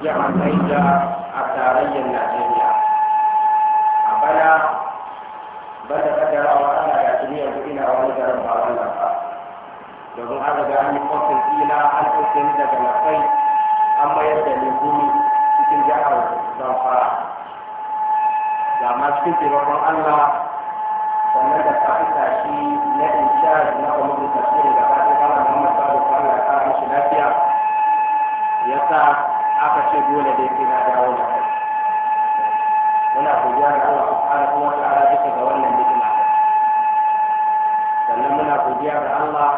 jihar Naija a tarayyar Najeriya. A bana ba da kadarawa ana da duniyar kuɗi na wani garin ba wannan ba. Domin an riga an yi kwafin ina an ɗauke ni daga lafai an mayar da ni gumi cikin jihar Zamfara. Ga ma cikin taimakon Allah sannan da fa'ita shi na inshari na kwamitin tafiyar da ba ta kama Muhammad Babu Allah ya kara mishi lafiya. Ya sa aka ce dole dai sai na dawo da kai muna godiya ga Allah subhanahu wa ta'ala duka ga wannan ni'ima sannan muna godiya ga Allah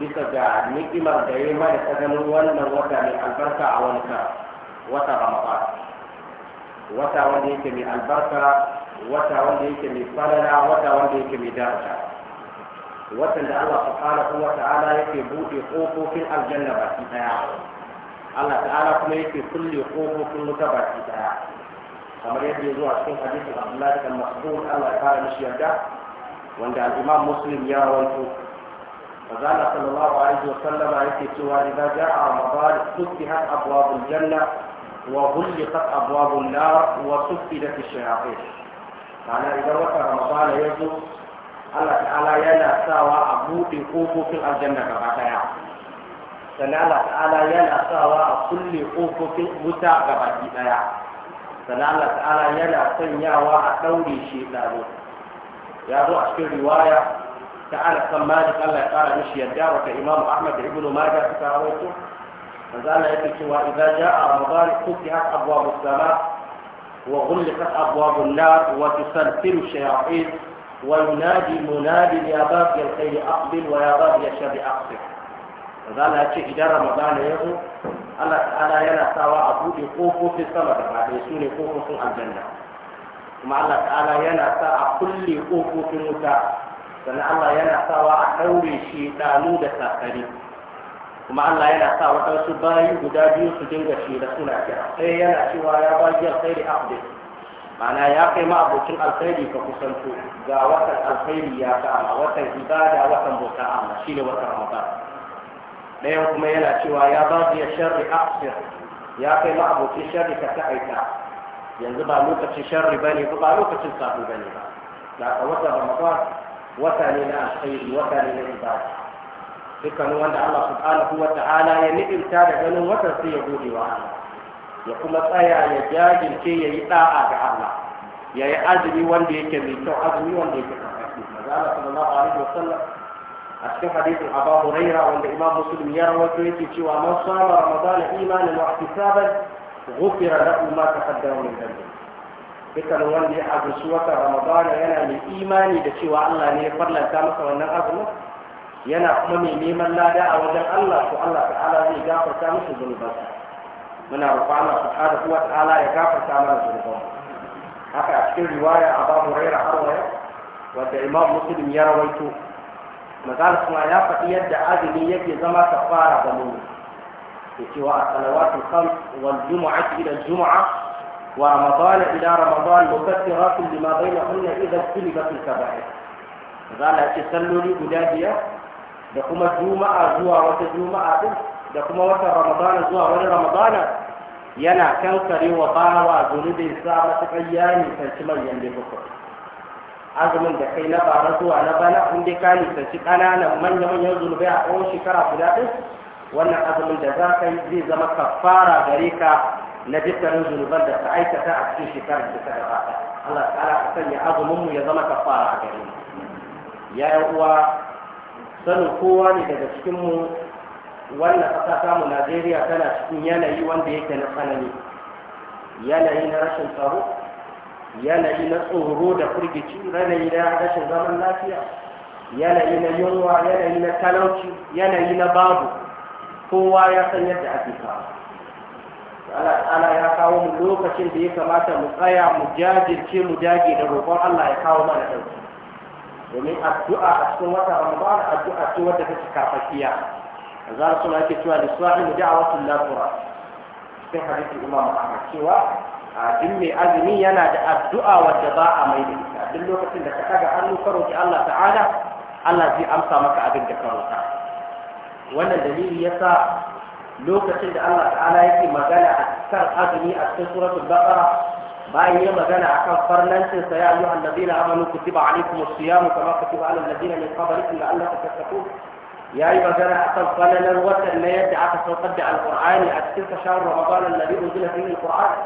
bisa ga ni'imar da ya mana ta ganin wannan wata mai albarka a wani kan wata ramadan wata wanda yake mai albarka wata wanda yake mai falala wata wanda yake mai daraja watan da Allah subhanahu wa ta'ala yake buɗe ƙofofin aljanna baki ɗaya Allah ta'ala kuma yake kulle kofofin wuta baki daya kamar yadda ya zo a cikin hadisin Abdullahi bin Mas'ud Allah ya fara mishi yarda wanda al-Imam Muslim ya rawaito فقال صلى الله عليه وسلم عليك سوى إذا جاء رمضان فتحت أبواب الجنة وغلقت أبواب النار وسفلت الشياطين معنى إذا وقع رمضان يجب Allah ta'ala yana sawa a buɗe ƙofofin aljanna gaba ɗaya سنة على يلا سوا كل أفق متعقبة إلايا سنة تعالى يلا سنيا وأتوري شيطان يا روح في الرواية تعالى سمى لك الله تعالى مشي الدار إمام أحمد يقول ما بن ماجة تعالوك فزال يتك إذا جاء رمضان فتحت أبواب السماء وغلقت أبواب النار وتسلسل الشياطين وينادي منادي يا باقي الخير أقبل ويا باقي الشر أقصر Za ya ce idan ramadana ya zo Allah ta'ala yana sawa a buɗe kofofin sama da faɗe su ne kofofin aljanna kuma Allah ta'ala yana sa a kulle kofofin wuta sannan Allah yana sawa a ɗaure shi ɗanu da sakari kuma Allah yana sa waɗansu bayi guda biyu su dinga shi da suna kira sai yana cewa ya ba ji alkhairi abdin ma'ana ya kai ma abokin alkhairi ka kusanto ga watan alkhairi ya kama watan ibada watan bauta Allah shine watan Ramadan ɗayan kuma yana cewa ya ba ya sharri aksir ya kai ma abokin sharri ka ta aika yanzu ba lokacin sharri ba ne ba lokacin sabu ba ne ba na ka wata ramadan wata ne na alkhairi wata ne na ibada dukkanin wanda Allah subhanahu wa ta'ala ya ni'imta da ganin watan sai ya gode wa Allah ya kuma tsaya ya jajirce ya yi da'a ga Allah ya yi azumi wanda yake mai kyau azumi wanda yake karfafi maza Allah sallallahu alaihi wasallam أكتب حديث أبا هريرة وأن الإمام مسلم يرى وكريتي شو من صام رمضان إيمانا واحتسابا غفر له ما تقدم من ذنبه. بكل وان دي أبو رمضان ينا من إيماني دي شو الله ني فضل الكامس وأن أبو ينا أمني ميما لا داء وجل الله شو الله تعالى ذي جافر كامس ذنبه. من ربنا سبحانه وتعالى يكافر كامل ذنبه. هكذا أشكر رواية أبا هريرة أروي وأن الإمام مسلم يرى وكريتي magana kuma ya faɗi yadda azumi yake zama kafara ga mu da cewa a salawatul khams wal jumu'ati ila jumu'a wa ramadan ila ramadan mukaffiratun lima bainahunna idza silibat al kaba'ir zala ce salloli guda biyar da kuma juma'a zuwa wata juma'a din da kuma wata ramadan zuwa wani ramadan yana kankare wa bawa zunubin sa matakan yani kanci manyan laifuka azumin da kai na bara zuwa na bana in dai ka nisanci ƙananan manya-manyan zunubai a tsawon shekara guda ɗin wannan azumin da za ka yi zai zama fara gare ka na dukkanin zunuban da ka aikata a cikin shekarar da ta gabata Allah ta'ala ka sanya azumin ya zama kafara a gare mu ya yi uwa sanin kowa ne daga cikin mu wannan ƙasa samu Najeriya tana cikin yanayi wanda yake na tsanani yanayi na rashin tsaro yanayi na tsoro da firgici yanayi na rashin zaman lafiya yanayi na yunwa yanayi na talauci yanayi na babu kowa ya san yadda ake kawo Allah ya kawo mu lokacin da ya kamata mu tsaya mu jajirce mu dage da roƙon Allah ya kawo mana ɗauki domin addu'a a cikin wata Ramadan addu'a ce wadda take kafafiya azar suna ke cewa da a mu da'awatul lafura sai hadisi Imam Ahmad cewa a duk mai azumi yana da addu'a wadda ba a mai da ita duk lokacin da ka kaga hannu ka roki Allah ta'ala Allah zai amsa maka abin da ka roka wannan dalili yasa lokacin da Allah ta'ala yake magana a kan azumi a cikin suratul baqara bayan ya magana akan farlancin sa ya ayu annabina amanu kutiba alaikum as-siyam kama kutiba alal ladina min qablikum la'allakum tattaqun ya yi magana akan falalar watan na yadda aka saukar da alqur'ani a cikin shahar ramadan alladhi unzila fihi alqur'an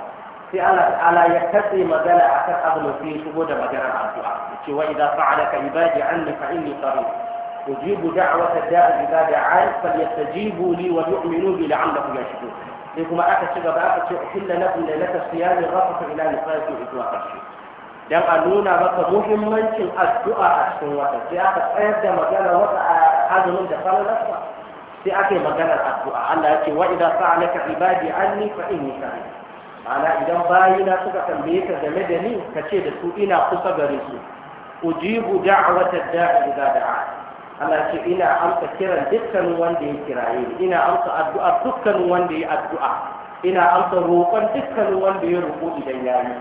sai Allah ta'ala ya katse magana akan abin sai ya shigo da maganar addu'a yace wa idza fa'alaka ibadi anni fa inni qarib ujibu da'wata da'i idza da'an falyastajibu li wa yu'minu bi la'allahum yashkurun sai kuma aka ci gaba aka ce uhilla lakum lailata siyami rafata ila nisaikum zuwa karshe dan a nuna maka muhimmancin addu'a a cikin wata sai aka tsayar da magana wata azumin da falalarsa sai aka yi maganar addu'a Allah ya ce wa idza sa'alaka ibadi anni fa inni qarib ana idan bayina suka tambaye ka game da ni ka ce da su ina kusa gare su ujibu da'wata da'i idza da'a Allah ce ina amsa kiran dukkanin wanda ya kiraye ni ina amsa addu'a dukkanin wanda ya addu'a ina amsa roƙon dukkanin wanda ya roƙo idan ya yi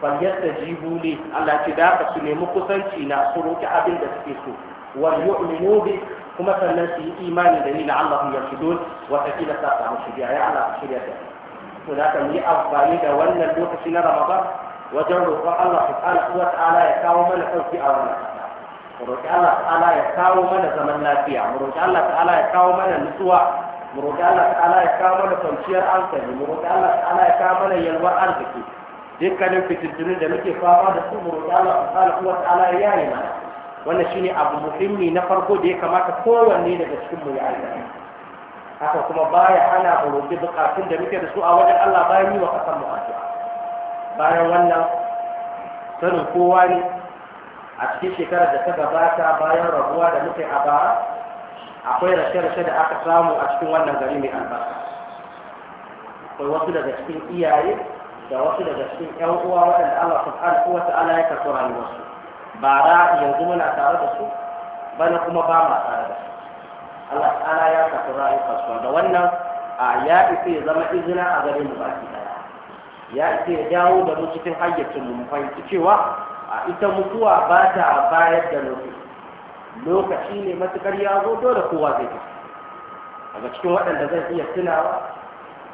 fayyasta jibuli Allah ce da ka su nemi kusanci na su roƙi abin da suke so wal yu'minu bi kuma sannan su yi imani da ni la'allahum yarshudun wa taqila sa ta samu shirya ya Allah shirya da to da kan yi amfani da wannan lokaci na ramadan wajen roƙon Allah subhanahu wa ta'ala ya kawo mana sauki a wannan ƙasa mu roƙi Allah ta'ala ya kawo mana zaman lafiya mu roƙi Allah ta'ala ya kawo mana nutsuwa mu roƙi Allah ta'ala ya kawo mana kwanciyar hankali mu roƙi Allah ta'ala ya kawo mana yalwar arziki dukkanin fitintunu da muke fama da su mu roƙi Allah subhanahu wa ta'ala ya yi mana wannan shine abu muhimmi na farko da ya kamata kowanne daga cikin mu ya aikata haka kuma baya hana mu roƙi bukatun da muke da su a wajen Allah bayan yi wa kasan mu bayan wannan sanin kowa ne a cikin shekarar da ta gabata bayan rabuwa da muke a bara akwai rashe-rashe da aka samu a cikin wannan gari mai albarka akwai wasu daga cikin iyaye da wasu daga cikin ƴan uwa waɗanda Allah subhanahu wa ta'ala ya karɓi rayuwarsu bara yanzu muna tare da su bana kuma ba ma tare da su Allah ta'ala ya tafi ra'ayuka su da wannan a ya isa ya zama izina a gare mu baki daya ya isa ya dawo da mu cikin hayyacin mu fahimci cewa a ita mutuwa ba ta bayar da lokaci lokaci ne matukar ya zo dole kowa zai tafi daga cikin waɗanda zai iya tunawa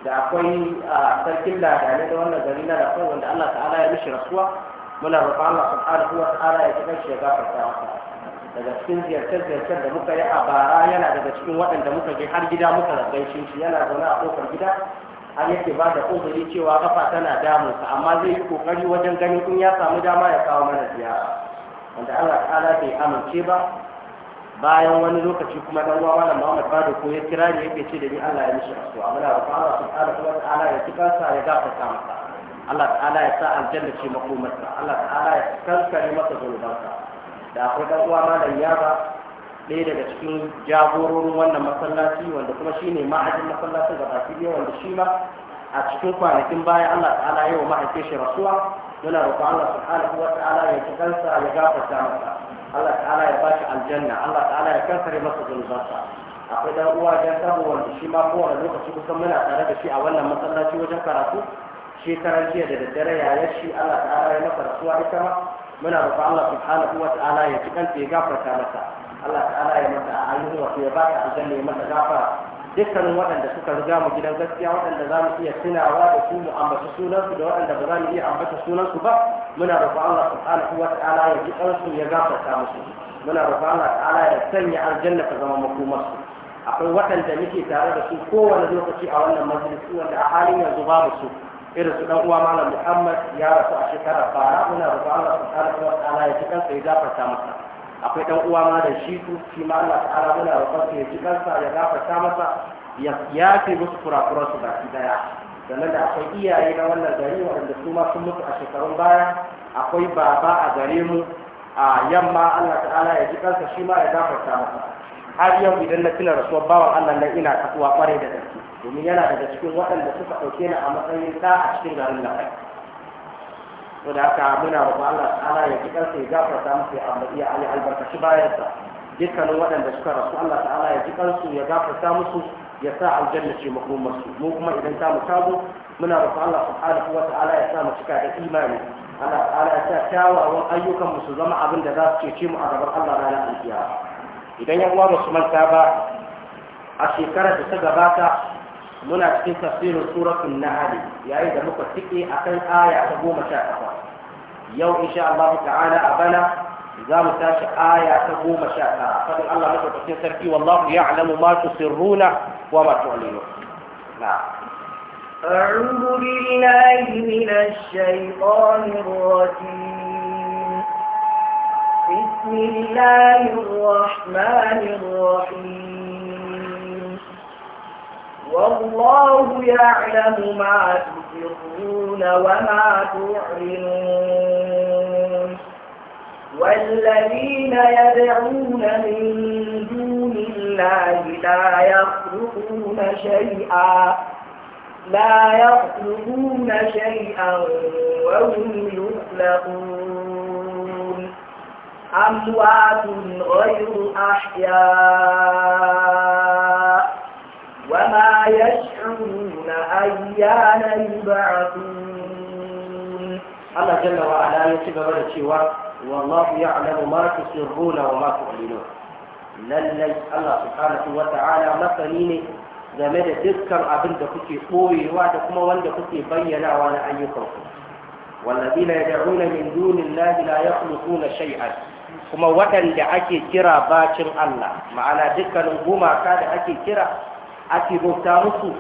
da akwai a sarkin ladane da wannan gari na da wanda Allah ta'ala ya mishi rasuwa muna roƙon Allah subhanahu wa ta'ala ya ji shi ya gafarta masa daga cikin ziyarce-ziyarcen da muka yi a bara yana daga cikin waɗanda muka je har gida muka rabbaishin shi yana zaune a ƙofar gida an yake ba da uzuri cewa kafa tana damunsa amma zai yi ƙoƙari wajen ganin in ya samu dama ya kawo mana ziyara wanda Allah ta'ala bai amince ba bayan wani lokaci kuma dan uwa malam Muhammad Bado ko ya kira ni yake ce da ni Allah ya mishi asuwa muna roƙon Allah subhanahu wa ta'ala ya tukansa ya gafarta masa Allah ta'ala ya sa aljanna ce makomarsa Allah ta'ala ya kankare masa zulubansa da akwai ɗan uwa malam yaba ɗaya daga cikin jagororin wannan masallaci wanda kuma shine ma'ajin masallacin da baki wanda shi ma a cikin kwanakin baya Allah ta'ala yau mahaifin shi rasuwa muna roƙon Allah subhanahu wa ta'ala ya ci kansa ya gafarta masa Allah ta'ala ya bashi aljanna Allah ta'ala ya ya masa zunubansa akwai dan uwa dan tabo wanda shi ma kowane lokaci kusan muna tare da shi a wannan masallaci wajen karatu shekaran jiya da daddare yayar shi Allah ta'ala ya masa rasuwa ita ma muna roƙon Allah subhanahu wa ta'ala ya ci kanta ya gafarta masa Allah ta'ala ya mata ayyuhu wa ya baka aljanna ya mata gafara dukkanin waɗanda suka riga mu gidan gaskiya waɗanda za mu iya tunawa da su mu ambata sunansu da waɗanda ba za mu iya ambata sunansu ba muna roƙon Allah subhanahu wa ta'ala ya ji kansu ya gafarta musu muna roƙon Allah ta'ala ya sanya aljanna ta zama makomarsu akwai waɗanda muke tare da su kowane lokaci a wannan majalisi wanda a halin yanzu babu su irin su ɗan uwa malam muhammad ya rasu a shekara bara muna roƙon allah subhanahu wa ta'ala ya ji kansa ya gafarta masa akwai ɗan uwa ma shitu shi ma allah ta'ala muna roƙon sa ya ji kansa ya gafarta masa ya yafe musu kurakuran su baki daya sannan da akwai iyaye na wannan gari waɗanda su ma sun mutu a shekarun baya akwai baba a gare mu a yamma allah ta'ala ya ji kansa shi ma ya gafarta masa har yau idan na tuna rasuwar bawan allah nan ina kasuwa kwarai da gaske domin yana daga cikin waɗanda suka ɗauke ni a matsayin ta a cikin garin kai. to da haka muna roƙon Allah ta'ala ya ji kansa ya gafarta musu ya ambaci ali albarkaci sa dukkanin waɗanda suka rasu Allah ta'ala ya ji kansu ya gafarta musu ya sa aljanna ce su mu kuma idan ta mu tabo muna roƙon Allah subhanahu wa ta'ala ya sa mu cika da imani Allah ta'ala ya sa kyawawan ayyukan mu su zama abin da za su cece mu a gaban Allah ranar alkiyama idan yan uwa ba su manta ba a shekarar da ta gabata muna cikin tafsirin suratul nahl yayin da muka tike akan aya ta 18 yau insha Allah ta'ala a bana za mu tashi aya ta goma sha fadin Allah muka cikin sarki wallahu ya'lamu ma tusirruna wa ma tu'linu na أعوذ بالله من الشيطان الرجيم بسم الله الرحمن الرحيم والله يعلم ما تسرون وما تعلنون والذين يدعون من دون الله لا يخلقون شيئا لا يخلقون شيئا وهم يخلقون أموات غير أحياء وما يشعرون أيان يبعثون الله جل وعلا ya بالتشوى والله يعلم ما تسرون وما تعلنون lallai Allah subhanahu wa ta'ala masani ne game da dukkan abin da kuke koyewa da kuma wanda kuke bayyanawa na ayyukanku wallazina yad'una min dunillahi la yakhluquna shay'an kuma waɗanda ake kira bacin Allah ma'ana dukkan gumaka da ake kira ake bauta musu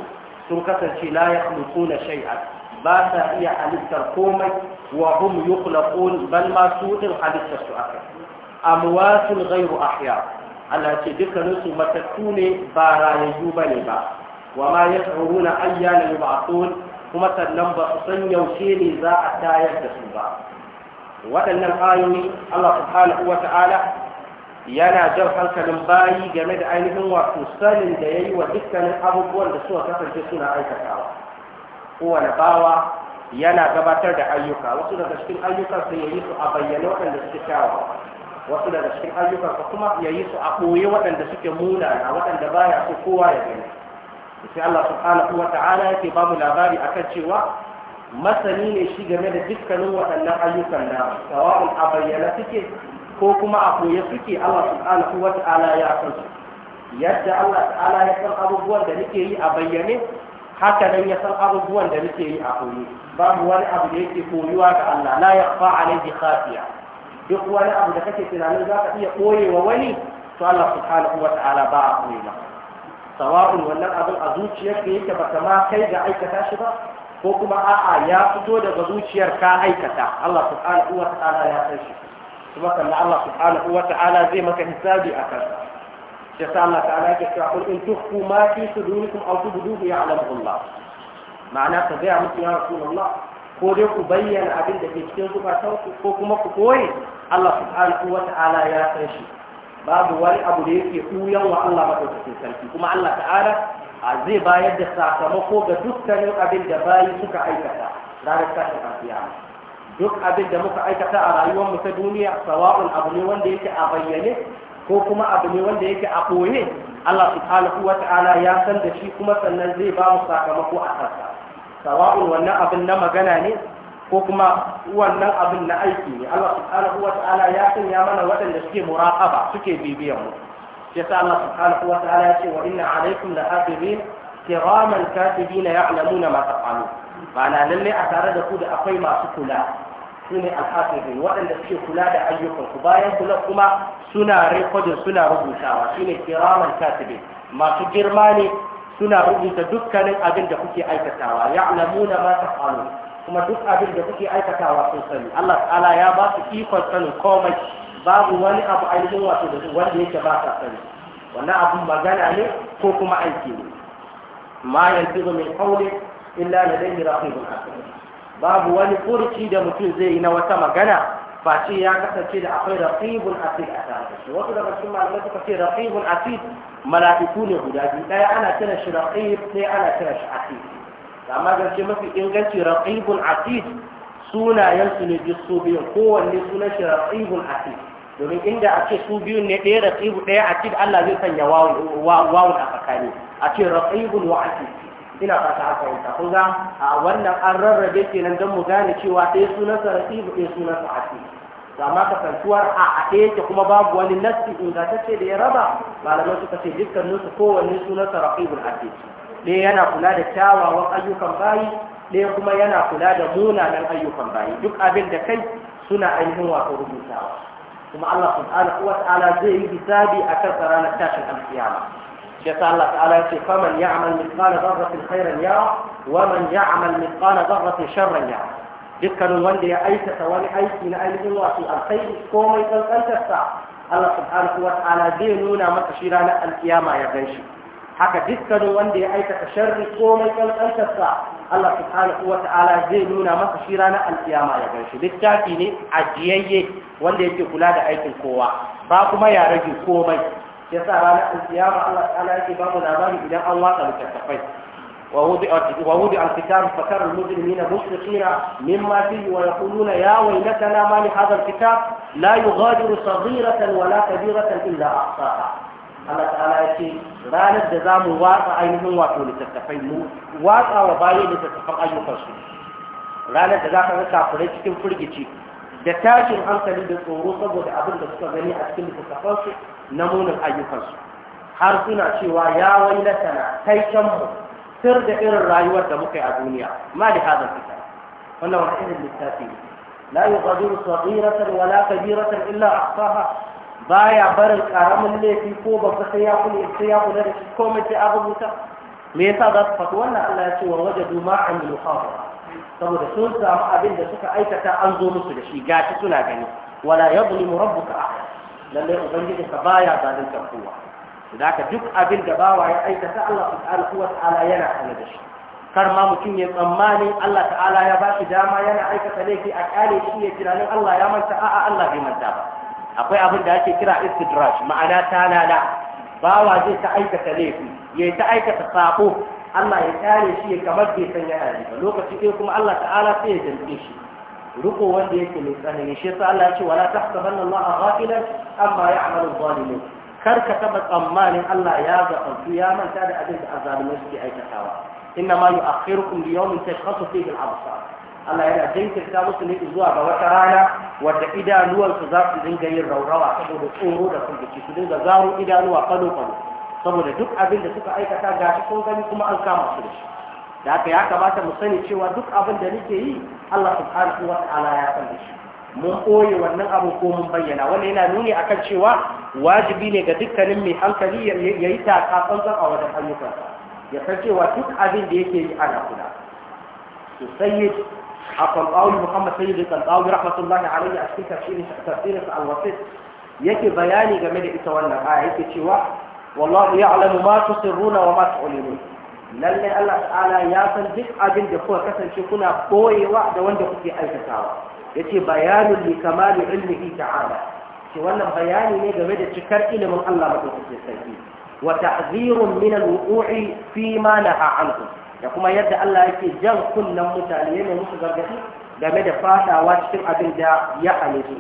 sun kasance la ya na shay'an ba sa iya halittar komai wa hum yi bal ban masu din halittar su aka amwatun ghayru ahya Allah ce dukkaninsu matattu ne ba rayayyu bane ba wa ma yash'uruna a yub'athun kuma sannan ba su san yaushe ne za a tayar da su ba waɗannan ayoyi Allah subhanahu wa ta'ala yana jan hankalin bayi game da ainihin wato sanin da ya yi wa dukkanin abubuwan da suka kasance suna aikatawa kowane bawa yana gabatar da ayyuka wasu daga cikin ayyukan su yayi su a bayyana waɗanda suke kyawawa wasu daga cikin ayyukan su kuma yayi su a ɓoye waɗanda suke munana waɗanda baya so kowa ya gani sai Allah subhanahu wa ta'ala yake ba labari akan cewa masani ne shi game da dukkanin waɗannan ayyukan na sawa'un a bayyana suke ko kuma a koye suke Allah subhanahu wa ya san su yadda Allah ta'ala ya san abubuwan da nake yi a bayyane haka nan ya san abubuwan da nake yi a koye babu wani abu da yake koyuwa ga Allah la yakhfa alayhi khafiya duk wani abu da kake tunanin za ka iya koyewa wani to Allah subhanahu wa ba a koye ba sawa'un wannan abin a zuciyarka yake baka ma kai ga aikata shi ba ko kuma a'a ya fito daga zuciyar ka aikata Allah subhanahu wa ya san shi kuma sannan Allah subhanahu wa ta'ala zai maka hisabi a kansa shi yasa Allah ta'ala yake cewa kul in tukhfu ma fi sudurikum aw tubduhu ya'lamu Allah ma'ana ka gaya musu ya rasulullah ko dai ku bayyana abin da ke cikin zukatanku ko kuma ku koyi Allah subhanahu wa ta'ala ya san shi babu wani abu da yake ɓuyan wa Allah maɗaukakin sarki kuma Allah ta'ala a zai bayar da sakamako ga dukkanin abin da bayi suka aikata ranar tashin alkiyama duk abin da muka aikata a rayuwar ta duniya sawa'un abu ne wanda yake a bayyane ko kuma abu ne wanda yake a ɓoye Allah subhanahu wa ta'ala ya san da shi kuma sannan zai ba mu sakamako a kansa sawa'un wannan abin na magana ne ko kuma wannan abin na aiki ne Allah subhanahu wa ta'ala ya sanya mana waɗanda suke muraqaba suke bibiyan mu shi yasa Allah subhanahu wa ta'ala ya ce wa inna alaikum lahafizin kiraman katibina ya'lamuna ma taf'alun ba na lalle a tare da ku da akwai masu kula su ne alhafizin waɗanda suke kula da ayyukansu bayan kula kuma suna rikodin suna rubutawa su ne kiraman katibi masu girma ne suna rubuta dukkanin abin da kuke aikatawa ya alamuna masu tafalu kuma duk abin da kuke aikatawa sun sani Allah ta'ala ya ba su ikon sanin komai babu wani abu ainihin wato da wanda yake ba sa sani wannan abun magana ne ko kuma aiki ne ma yanzu mai qawli illa ladayhi kai hakim babu wani furci da mutum zai yi na wata magana face ya kasance da akwai raqibun asid a tare shi wasu daga cikin malamai suka ce raqibun asid mala'iku ne guda biyu daya ana kira shi raqib sai ana kira shi asid amma zance mafi inganci raqibun asid sunayen su ne bi su biyun kowanne sunan shi raqibun asid domin inda a ce su biyun ne ɗaya raqibu ɗaya asid Allah zai sanya wawun a tsakani a ce raqibun wa asid ina fata haka yanka kun ga a wannan an rarrabe kenan don mu gane cewa ɗaya sunansa sunan ɗaya sunansa to amma kasantuwar a haɗe yake kuma babu wani nassi ingantacce da ya raba malamai suka ce dukkaninsu kowanne sunansa raqibul hadid ɗaya yana kula da kyawawan ayyukan bayi ɗaya kuma yana kula da munanan ayyukan bayi duk abin da kai suna ainihin wato rubutawa kuma Allah subhanahu wa ta'ala zai yi hisabi akan ranar tashin alkiyama shi yasa Allah ta'ala ya ce faman ya'mal mithqala dharratin khairan yara wa man ya'mal mithqala dharratin sharran yara dukkanin wanda ya aikata wani aiki na ainihin wasu alkhairi komai kankantarsa Allah subhanahu wa ta'ala ya gan shi haka dukkanin ya aikata sharri komai kankantarsa zai nuna masa shi ranar alkiyama ya gan littafi ne ajiyayye wanda yake kula da aikin kowa ba kuma ya rage komai كتب على الزيارة ووضع الكتاب فكر المجرمين مشفقين مما فيه ويقولون يا ويلتنا ما لهذا الكتاب لا يغادر صغيرة ولا كبيرة إلا أحصاها أنا تعالى يشي رانا الجزام واقع أينهم واقعوا لتتفين واقع وبايع لتتفق أي فرشي رانا الجزام هذا كافريت كم فرقتي دتاشي الأنسان اللي بتقول رصب وده أبدا تتفقني أتكلم لتتفقشي na munin ayyukansu har suna cewa ya wailatana kai mu sir da irin rayuwar da muka yi a duniya ma da hada fita wannan wani irin littafi ne la yughadiru saghiratan wala kabiratan illa ahsaha baya barin karamin laifi ko babba sai ya kula sai ya kula da shi komai sai ka rubuta me yasa za su faɗi wannan Allah ya ce wa wajadu ma amilu khawfa saboda sun samu abin da suka aikata an zo musu da shi gashi suna gani wala yadhlimu rabbuka ahad lalle ubangiji ka baya zalunta kowa da ka duk abin da bawa ya aikata Allah subhanahu wa ta'ala yana sanar da shi kar ma mutum ya tsammani Allah ta'ala ya bashi dama yana aikata laifi a kare shi ya tunanin Allah ya manta a'a Allah bai manta ba akwai abin da ake kira istidraj ma'ana talala bawa zai ta aikata laifi ya ta aikata sako Allah ya kare shi ya kamar bai san yana ba lokaci ɗaya kuma Allah ta'ala sai ya jamfe shi riko wanda yake mai tsanani shi yasa Allah ya ce wala tahsabanna Allah ghafilan amma ya'malu zalimun kar ka taba tsammanin Allah ya gafartu ya manta da abin da azalimai suke aikatawa inna ma yu'akhirukum li yawmin tashkhasu fihi al-absar Allah yana jinkirta musu ne zuwa ga wata rana wadda idanuwansu za su dinga yin raurawa saboda tsoro da firgici su dinga zaro idanuwa falo saboda duk abin da suka aikata ga shi gani kuma an kama su da shi da haka ya kamata mu sani cewa duk abin da nake yi Allah subhanahu wa ta'ala ya san mun koyi wannan abu ko mun bayyana wannan yana nuni akan cewa wajibi ne ga dukkanin mai hankali ya yi taka tsantsan a wajen ayyukan ya san cewa duk abin da yake yi ana kula to sai a kwalbawul muhammad sai da kwalbawul rahmatullahi yake bayani game da ita wannan aya yake cewa wallahu ya'lamu ma tusirruna wa ma tu'linun lallai Allah ta'ala ya san duk abin da kuka kasance kuna boyewa da wanda kuke aikatawa yace bayanin li kamali ilmihi ta'ala ce wannan bayani ne game da cikar ilimin Allah madaukakin sarki wa ta'zirun min al-wuqu'i fi ma naha anhu da kuma yadda Allah yake jan kunnan mutane yana musu gargadi game da fadawa cikin abin da ya hane su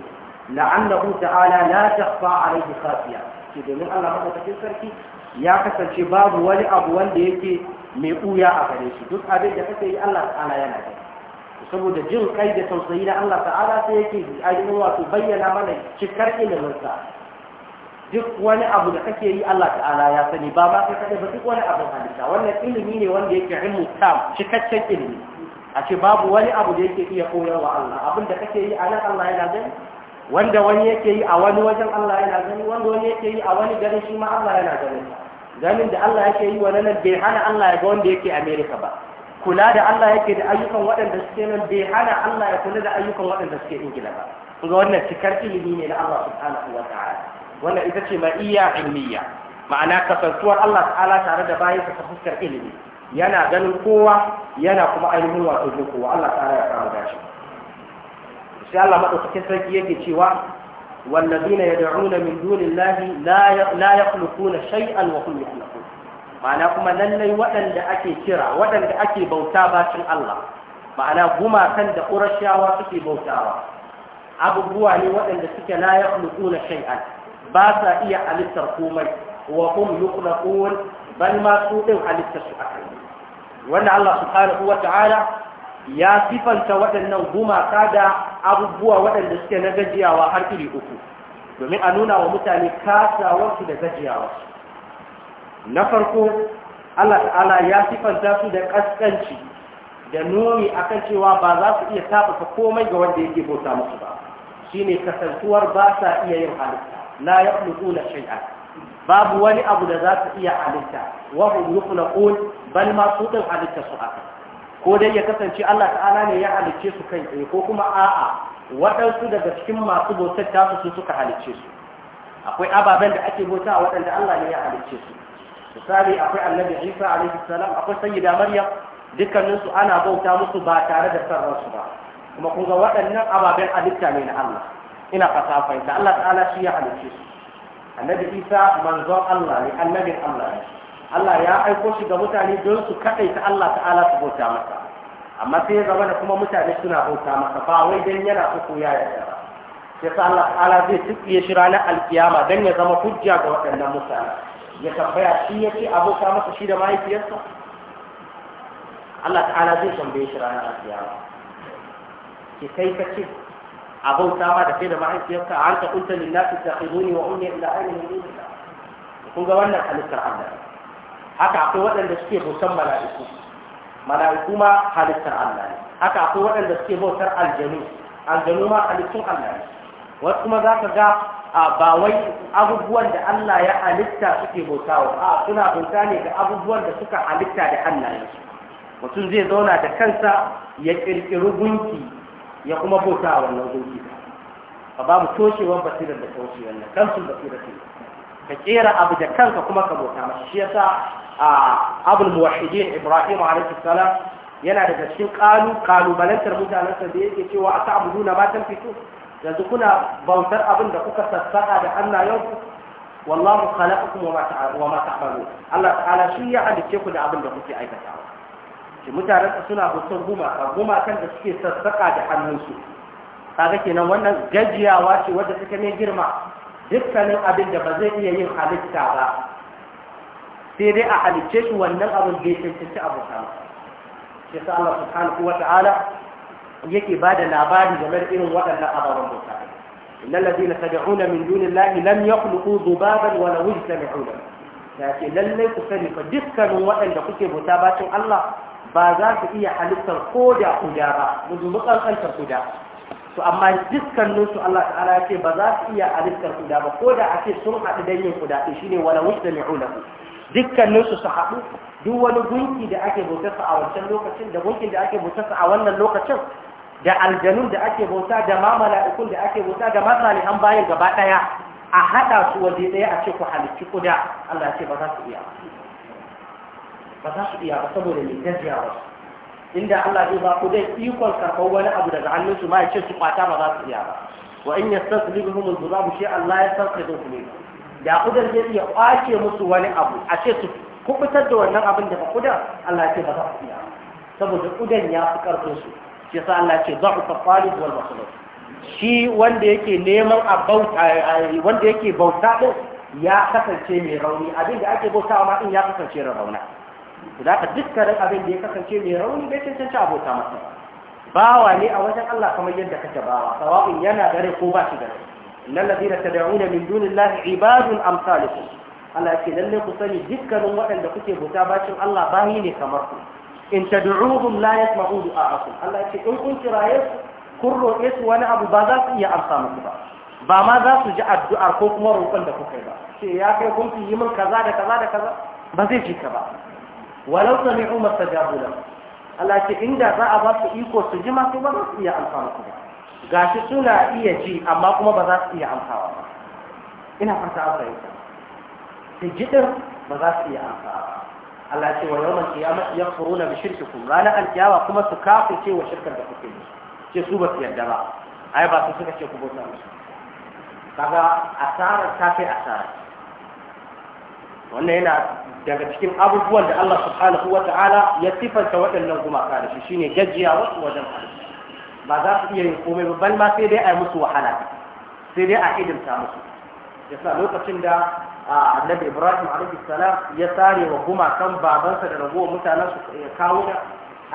la'annahu ta'ala la takhfa alayhi khafiya ce domin Allah madaukakin sarki ya kasance babu wani abu wanda yake mai ɓuya a gare shi duk abin da kake yi Allah ta'ala yana da saboda jin kai da tausayi na Allah ta'ala sai yake ainihin wato bayyana mana cikar iliminsa duk wani abu da kake yi Allah ta'ala ya sani ba ba kai ba duk wani abin halitta wannan ilimi ne wanda yake ilmu tam cikakken ilimi a ce babu wani abu da yake iya koyarwa Allah abin da kake yi a nan Allah yana gani wanda wani yake yi a wani wajen Allah yana gani wanda wani yake yi a wani gari shi ma Allah yana gani ganin da Allah yake yi wa nan bai hana Allah ya ga wanda yake Amerika ba kula da Allah yake da ayyukan waɗanda suke nan bai hana Allah ya kula da ayyukan waɗanda suke Ingila ba ga wannan cikar ilimi ne na Allah subhanahu wa ta'ala wannan ita ce iya ilmiya ma'ana kasantuwar Allah ta'ala tare da bayan ta fuskar ilimi yana ganin kowa yana kuma ainihin wato jin kowa Allah ta'ala ya kama gashi sai Allah madaukakin sarki yake cewa والذين يدعون من دون الله لا لا يخلقون شيئا وهم يخلقون ma'ana kuma lallai waɗanda ake kira waɗanda ake bauta bacin Allah ma'ana gumakan da ƙurashawa suke bautawa abubuwa ne waɗanda suke la yakhluquna shay'an ba sa iya halittar komai wa hum yuqlaqun bal ma su din halittar su akai wanda Allah subhanahu wa ta'ala ya sifanta waɗannan gumaka da abubuwa waɗanda suke na gajiyawa har iri uku domin a nuna wa mutane kasawarsu da gajiyawa na farko Allah ta'ala ya sifanta su da ƙasƙanci da nuni akan cewa ba za su iya taɓuka komai ga wanda yake bauta musu ba shine kasantuwar ba sa iya yin halitta la yakhluquna shay'an babu wani abu da za su iya halitta wa hum yukhluqun bal ma su halitta su ko dai ya kasance Allah ta'ala ne ya halicce su kai tsaye ko kuma a'a waɗansu daga cikin masu bautar tasu su suka halicce su akwai ababen da ake bauta waɗanda Allah ne ya halicce su misali akwai annabi Isa alaihi salam akwai sayyida Maryam dukkanin su ana bauta musu ba tare da san ransu ba kuma kun ga waɗannan ababen halitta ne na Allah ina fata fahimta Allah ta'ala shi ya halicce su annabi Isa manzon Allah ne annabin Allah ne Allah ya aiko shi ga mutane don su kaɗaita Allah ta'ala su bauta masa amma sai ya zama da kuma mutane suna bauta masa ba wai dan yana uku ya yarda ba sai sa Allah ta'ala zai tsiye shi ranar alkiyama dan ya zama hujja ga waɗannan mutane ya tambaya shi ya ce abota masa shi da mahaifiyarsa Allah ta'ala zai tambaye shi ranar alkiyama ki kai ka ce abauta ma da kai da mahaifiyarka a hanta kunta lillahi takhizuni wa ummi ila ainihi kun ga wannan halittar Allah haka akwai waɗanda suke bautan mala'iku Mana ma halittar Allah ne haka akwai waɗanda suke bautar aljanu aljanu ma halittun Allah ne wasu kuma za ka ga ba wai abubuwan da Allah ya halitta suke bautawa a suna bauta ne ga abubuwan da suka halitta da Allah ne mutum zai zauna da kansa ya ƙirƙiri gunki ya kuma bauta wannan gunki ba babu toshewar basirar da toshewar nan kansu basirar ka kera abu da kanka kuma ka bauta mashi shi yasa abul muwahhidin ibrahim alaihi salam yana daga cikin kalu kalubalantar mutanensa da yake cewa a ta'budu na matan fito yanzu kuna bautar abin da kuka sassaka da Allah yau wallahu khalaqakum wa ma ta'malun Allah ta'ala shi ya halice ku da abin da kuke aikatawa shi mutanensa suna bautar gumaka gumakan da suke sassaka da hannunsu kaga kenan wannan gajiyawa ce wadda take ne girma dukkanin abin da ba zai iya yin halitta ba sai dai a halicce shi wannan abin bai cancanci abu ta shi sa Allah subhanahu wa ta'ala yake ba da labari game da irin waɗannan ababen bauta innal ladina tad'una min dunillahi lam yakhluqu dhubaban wa law yajtami'una yake lallai ku sani fa dukkanin waɗanda kuke bauta bacin Allah ba za su iya halittar koda kuda ba muzumukan kantar kuda to amma dukkanin su Allah ta'ala ya ce ba za su iya ku da ba ko da ake sun haɗu don yin kuda shine wala wujda mi'ulahu dukkanin su su haɗu duk wani gunki da ake bautarsa a wancan lokacin da gunkin da ake bautarsa a wannan lokacin da aljanun da ake bauta da ma mala'ikun da ake bauta da ma an bayan gaba ɗaya a haɗa su waje ɗaya a ce ku halicci kuda Allah ya ce ba za su iya ba za su iya ba saboda mai ba. inda Allah zai ba ku dai ikon karɓar wani abu daga hannunsu ma ya ce su kwata ba za su iya ba wa in ya san su yastaslibhum al-dhubabu shi Allah ya san sarkadunku ne da kudar zai iya kwace musu wani abu a ce su kubutar da wannan abin daga kudan? Allah ya ce ba za su iya saboda kudan ya fi karfin su shi sa Allah ya ce ku talib wal maslub shi wanda yake neman a bauta, wanda yake bauta ɗin, ya kasance mai rauni abin da ake bauta ma din ya kasance rauna Za ka dukkanin abin da ya kasance mai rauni bai cancanci abota masa bawa ne a wajen Allah kamar yadda kake bawa sawa'in yana gare ko ba shi gare innal ta da'una min dunillahi ibadun amsalukum Allah ya lalle ku sani dukkanin waɗanda kuke buta bacin Allah bayi ne kamar ku in tad'uhum la yasma'u du'a'akum Allah ya in kun kiraye kun roƙe su wani abu ba za su iya amsa muku ba ba ma za su ji addu'ar ko kuma roƙon da kuka yi ba ce ya kai kun fi yi min kaza da kaza da kaza ba zai ji ka ba walau sami'u mastajabu lahu Allah ce inda za a ba su iko su ji masu ba za su iya amfana ku ba gashi suna iya ji amma kuma ba za su iya amfawa ba ina fata an fahimta su ji din ba za su iya amfawa ba Allah ce wa yawmal qiyamati yakfuruna bi shirkikum ranar alkiyama kuma su kafirce wa shirkar da kuke yi ce su ba su yarda ba ai ba su suka ce ku bauta musu kaga asarar ta kai asarar wannan yana daga cikin abubuwan da Allah subhanahu wa ta'ala ya sifanta waɗannan gumaka da shi shine gajiya wasu wajen halittu ba za su iya yin komai ba ban ma sai dai a yi musu wahala sai dai a idimta musu yasa lokacin da annabi Ibrahim alaihi salam ya sare wa gumakan babansa da ragowar mutanen su ya kawo da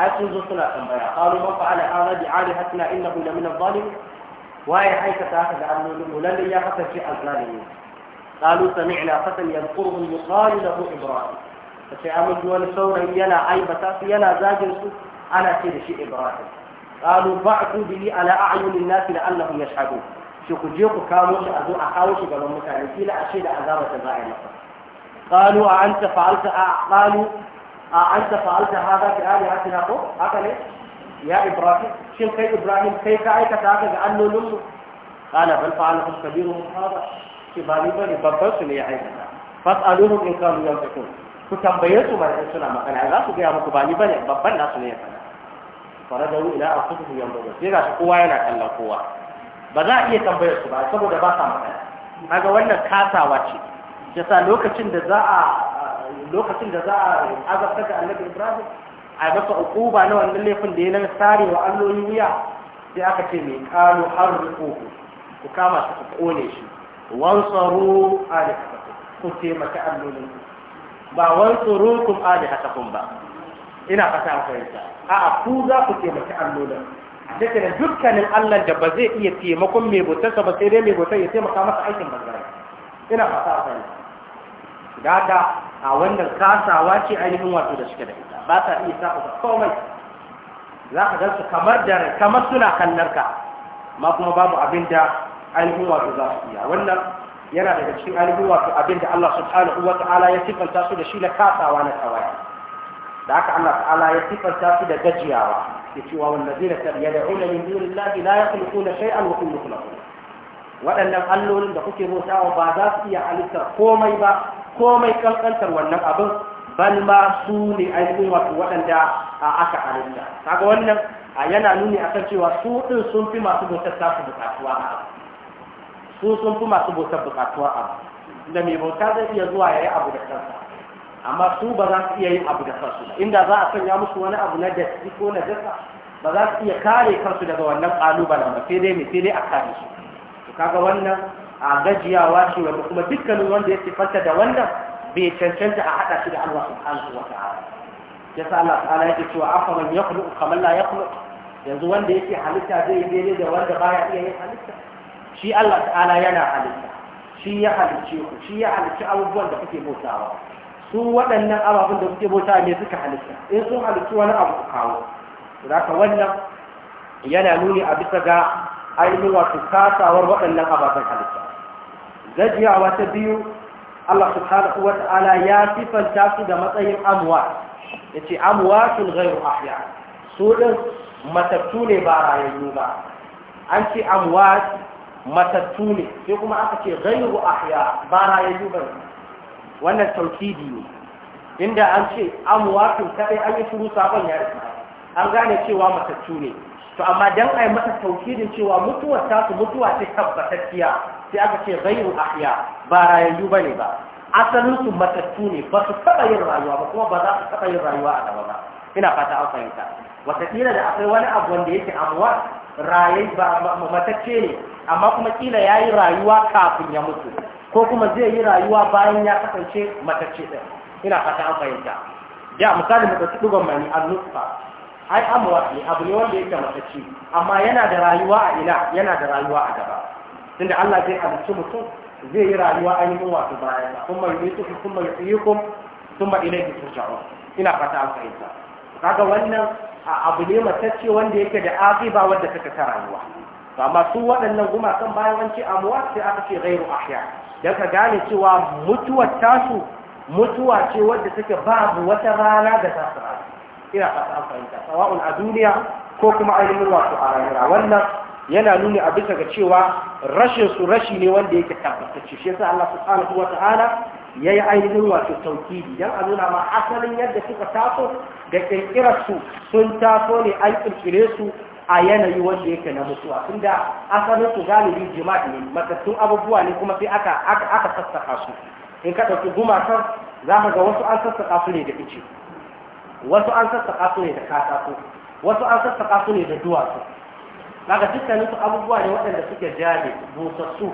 ai sun zo suna tambaya qalu man fa'ala hadha bi alihatina innahu lamina adh-dhalimin waye aikata haka da allolin lalle ya kasance azzalimi قالوا سمعنا فتى يذكرهم يقال له إبراهيم فشعام الجوال ثورا ينا عيبة ينا زاجر أنا سيد شيء إبراهيم قالوا بعثوا به على أعين الناس لعلهم يشهدون shi ku je ku kawo shi a zo a kawo shi gaban mutane kila a shaida azaba ta za a yi masa qalu a anta fa'alta a qalu a anta fa'alta hada bi alihatina ko haka ne ya ibrahim kai ibrahim kai ka aikata haka ga allolin mu ce ba ni bane babban su ne ya aikata fas'aluhum in kanu yanfiqun ku tambaye su ba in suna magana za su gaya muku ba ni bane babban nasu ne ya fara da ila anfusihim yanzurun sai ga kowa yana kallon kowa ba za a iya tambayar su ba saboda ba sa magana kaga wannan kasawa ce yasa lokacin da za a lokacin da za a azabta da annabi Ibrahim a masa ukuba na wannan laifin da ya nan sare wa alloli wuya sai aka ce mai kalu har ku kama su ku kone shi wansaru alihatakum ku taimaki allolin ba wansurukum alihatakum ba ina fata an fahimta a'a ku za ku taimaki allolin duka da dukkanin Allah da ba zai iya taimakon mai bautarsa ba sai dai mai bautar ya taimaka masa aikin bazara ina fata an fahimta daga a wannan kasawa ce ainihin wato da suke da ita ba sa iya sa ka komai za ka gansu kamar da kamar suna kallar ka ma kuma babu abin da ainihin wato za su iya wannan yana daga cikin ainihin wato abin da Allah subhanahu wa ta'ala ya sifanta su da shi na kasawa na tawaya da haka Allah ta'ala ya sifanta su da gajiyawa ya ce wa da yad'una min dunillahi la yakhluquna shay'an wa hum yukhluqun waɗannan allolin da kuke bautawa ba za su iya halittar komai ba komai kankantar wannan abin ban ma su ne ainihin wato waɗanda aka halitta kaga wannan yana nuni akan cewa su ɗin sun fi masu bautar tasu bukatuwa a su sun fi masu bautar bukatuwar abu da mai bauta zai iya zuwa ya yi abu da kansa amma su ba za su iya yin abu da kansu ba inda za a sanya musu wani abu na datti ko na jasa ba za su iya kare kansu daga wannan kalubalen ba sai dai mai sai a kare su to kaga wannan a gajiyawa ce wanda kuma dukkanin wanda ya sifanta da wannan bai cancanta a haɗa shi da Allah subhanahu wa ta'ala sa Allah ta'ala yake cewa afa man yakhluqu kamar yakhluq yanzu wanda yake halitta zai yi daidai da wanda baya iya yin halitta shi Allah ta'ala yana halitta shi ya halicce ku shi ya halicci abubuwan da kuke bautawa su waɗannan ababun da kuke bautawa ne suka halitta in sun halicci wani abu ku kawo zaka wannan yana nuni a bisa ga ainihin wato kasawar waɗannan ababen halitta gajiyawa ta biyu Allah subhanahu wa ta'ala ya sifanta su da matsayin amwa yace amwatun ghayru ahya su din matattu ne ba rayayyu ba an ce amwat matattu ne sai kuma aka ce ghayru ahya ba rayayyu ba wannan taukidi ne inda an ce amwatun kadai an yi shuru sabon ya an gane cewa matattu ne to amma dan ai mata taukidin cewa mutuwa ta su mutuwa ce tabbatacciya sai aka ce ghayru ahya ba rayayyu bane ba asalin su matattu ne ba su taba yin rayuwa ba kuma ba za su taba yin rayuwa a gaba ba ina fata an fahimta wataƙila da akwai wani abu wanda yake amwat raye ba matacce ne amma kuma kila ya yi rayuwa kafin ya mutu ko kuma zai yi rayuwa bayan ya kasance matacce ɗin ina fata an fahimta ya misali mu ɗauki ɗigon mani an nutfa ai amuwa ne abu ne wanda yake matacce amma yana da rayuwa a ina yana da rayuwa a gaba tunda Allah zai halicci mutum zai yi rayuwa ainihin wato bayan kuma yi yunitukum kuma yuhyikum kuma ilayhi turja'un ina fata an fahimta kaga wannan abu ne matacce wanda yake da aqiba wanda take ta rayuwa amma su waɗannan gumakan bayan an ce amwat sai aka ce ghairu ahya dan ka gane cewa mutuwar tasu mutuwa ce wanda take babu wata rana da ta ina fata an fahimta sawa'un a duniya ko kuma ainihin wato a rayuwa wannan yana nuni a bisa ga cewa rashin su rashi ne wanda yake tabbatacce shi yasa Allah subhanahu wata'ala ya yi ainihin wato taukidi don a nuna ma asalin yadda suka taso da ƙirƙirarsu sun taso ne an ƙirƙire su a yanayi wanda yake na mutuwa tunda asalin su galibi jima'i ne matattun abubuwa ne kuma sai aka aka sassaka su in ka ɗauki gumakar za ka ga wasu an sassaka su ne da ice wasu an sassaka su ne da katako wasu an sassaka su ne da duwatsu daga dukkanin su abubuwa ne waɗanda suke jami busassu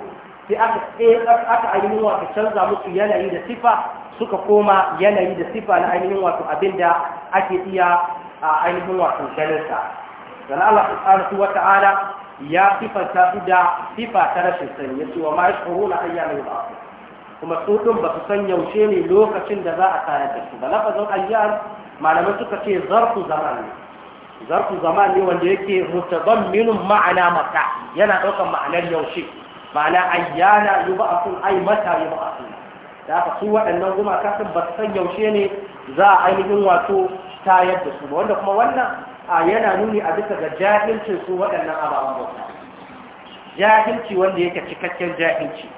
sai aka ainihin wato canza musu yanayi da sifa suka koma yanayi da sifa na ainihin wato abin da ake iya a ainihin wato ganinsa dan Allah subhanahu wa ta'ala ya ta su da sifa ta rashin sani ce wa ma yashuruna ayyamin ba'd kuma su ɗin ba su san yaushe ne lokacin da za a tare da su ba lafazin ayyar malamai suka ce zarfu zaman ne zarfu zaman ne wanda yake mutadamminun ma'ana mata yana ɗaukar ma'anar yaushe ma'ana ayyana yi ba a sun ai mata yi ba a sun da aka su waɗannan zuma sun ba san yaushe ne za a ainihin wato tayar da su ba wanda kuma wannan a yana nuni a bisa ga jahilcin su waɗannan ababen bauta jahilci wanda yake cikakken jahilci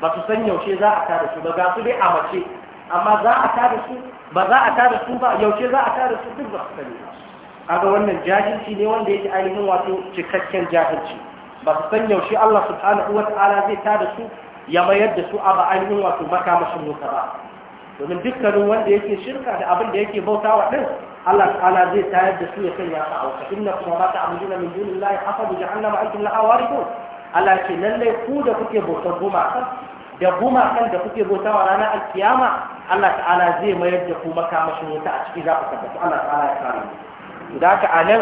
ba su san yaushe za a tada su ba ga su dai a mace amma za a tada su ba za a tada su ba yaushe za a tada su duk ba su sani ba ga wannan jahilci ne wanda yake ainihin wato cikakken jahilci ba su san yaushe Allah subhanahu wa ta'ala zai ta da su ya mayar da su a ba ainihin wato makamashin wuta ba domin dukkanin wanda yake shirka da abin da yake bauta wa ɗin Allah ta'ala zai tayar da su ya sanya su a wuta inna kuma ba ta amjuna min dunin lahi hafazu jahannama aikin laha ko. Allah ce lallai ku da kuke bautar gumakan da gumakan da kuke bauta wa ranar alkiyama Allah ta'ala zai mayar da ku makamashin wuta a ciki za ku tabbata Allah ta'ala ya kare ku da haka a nan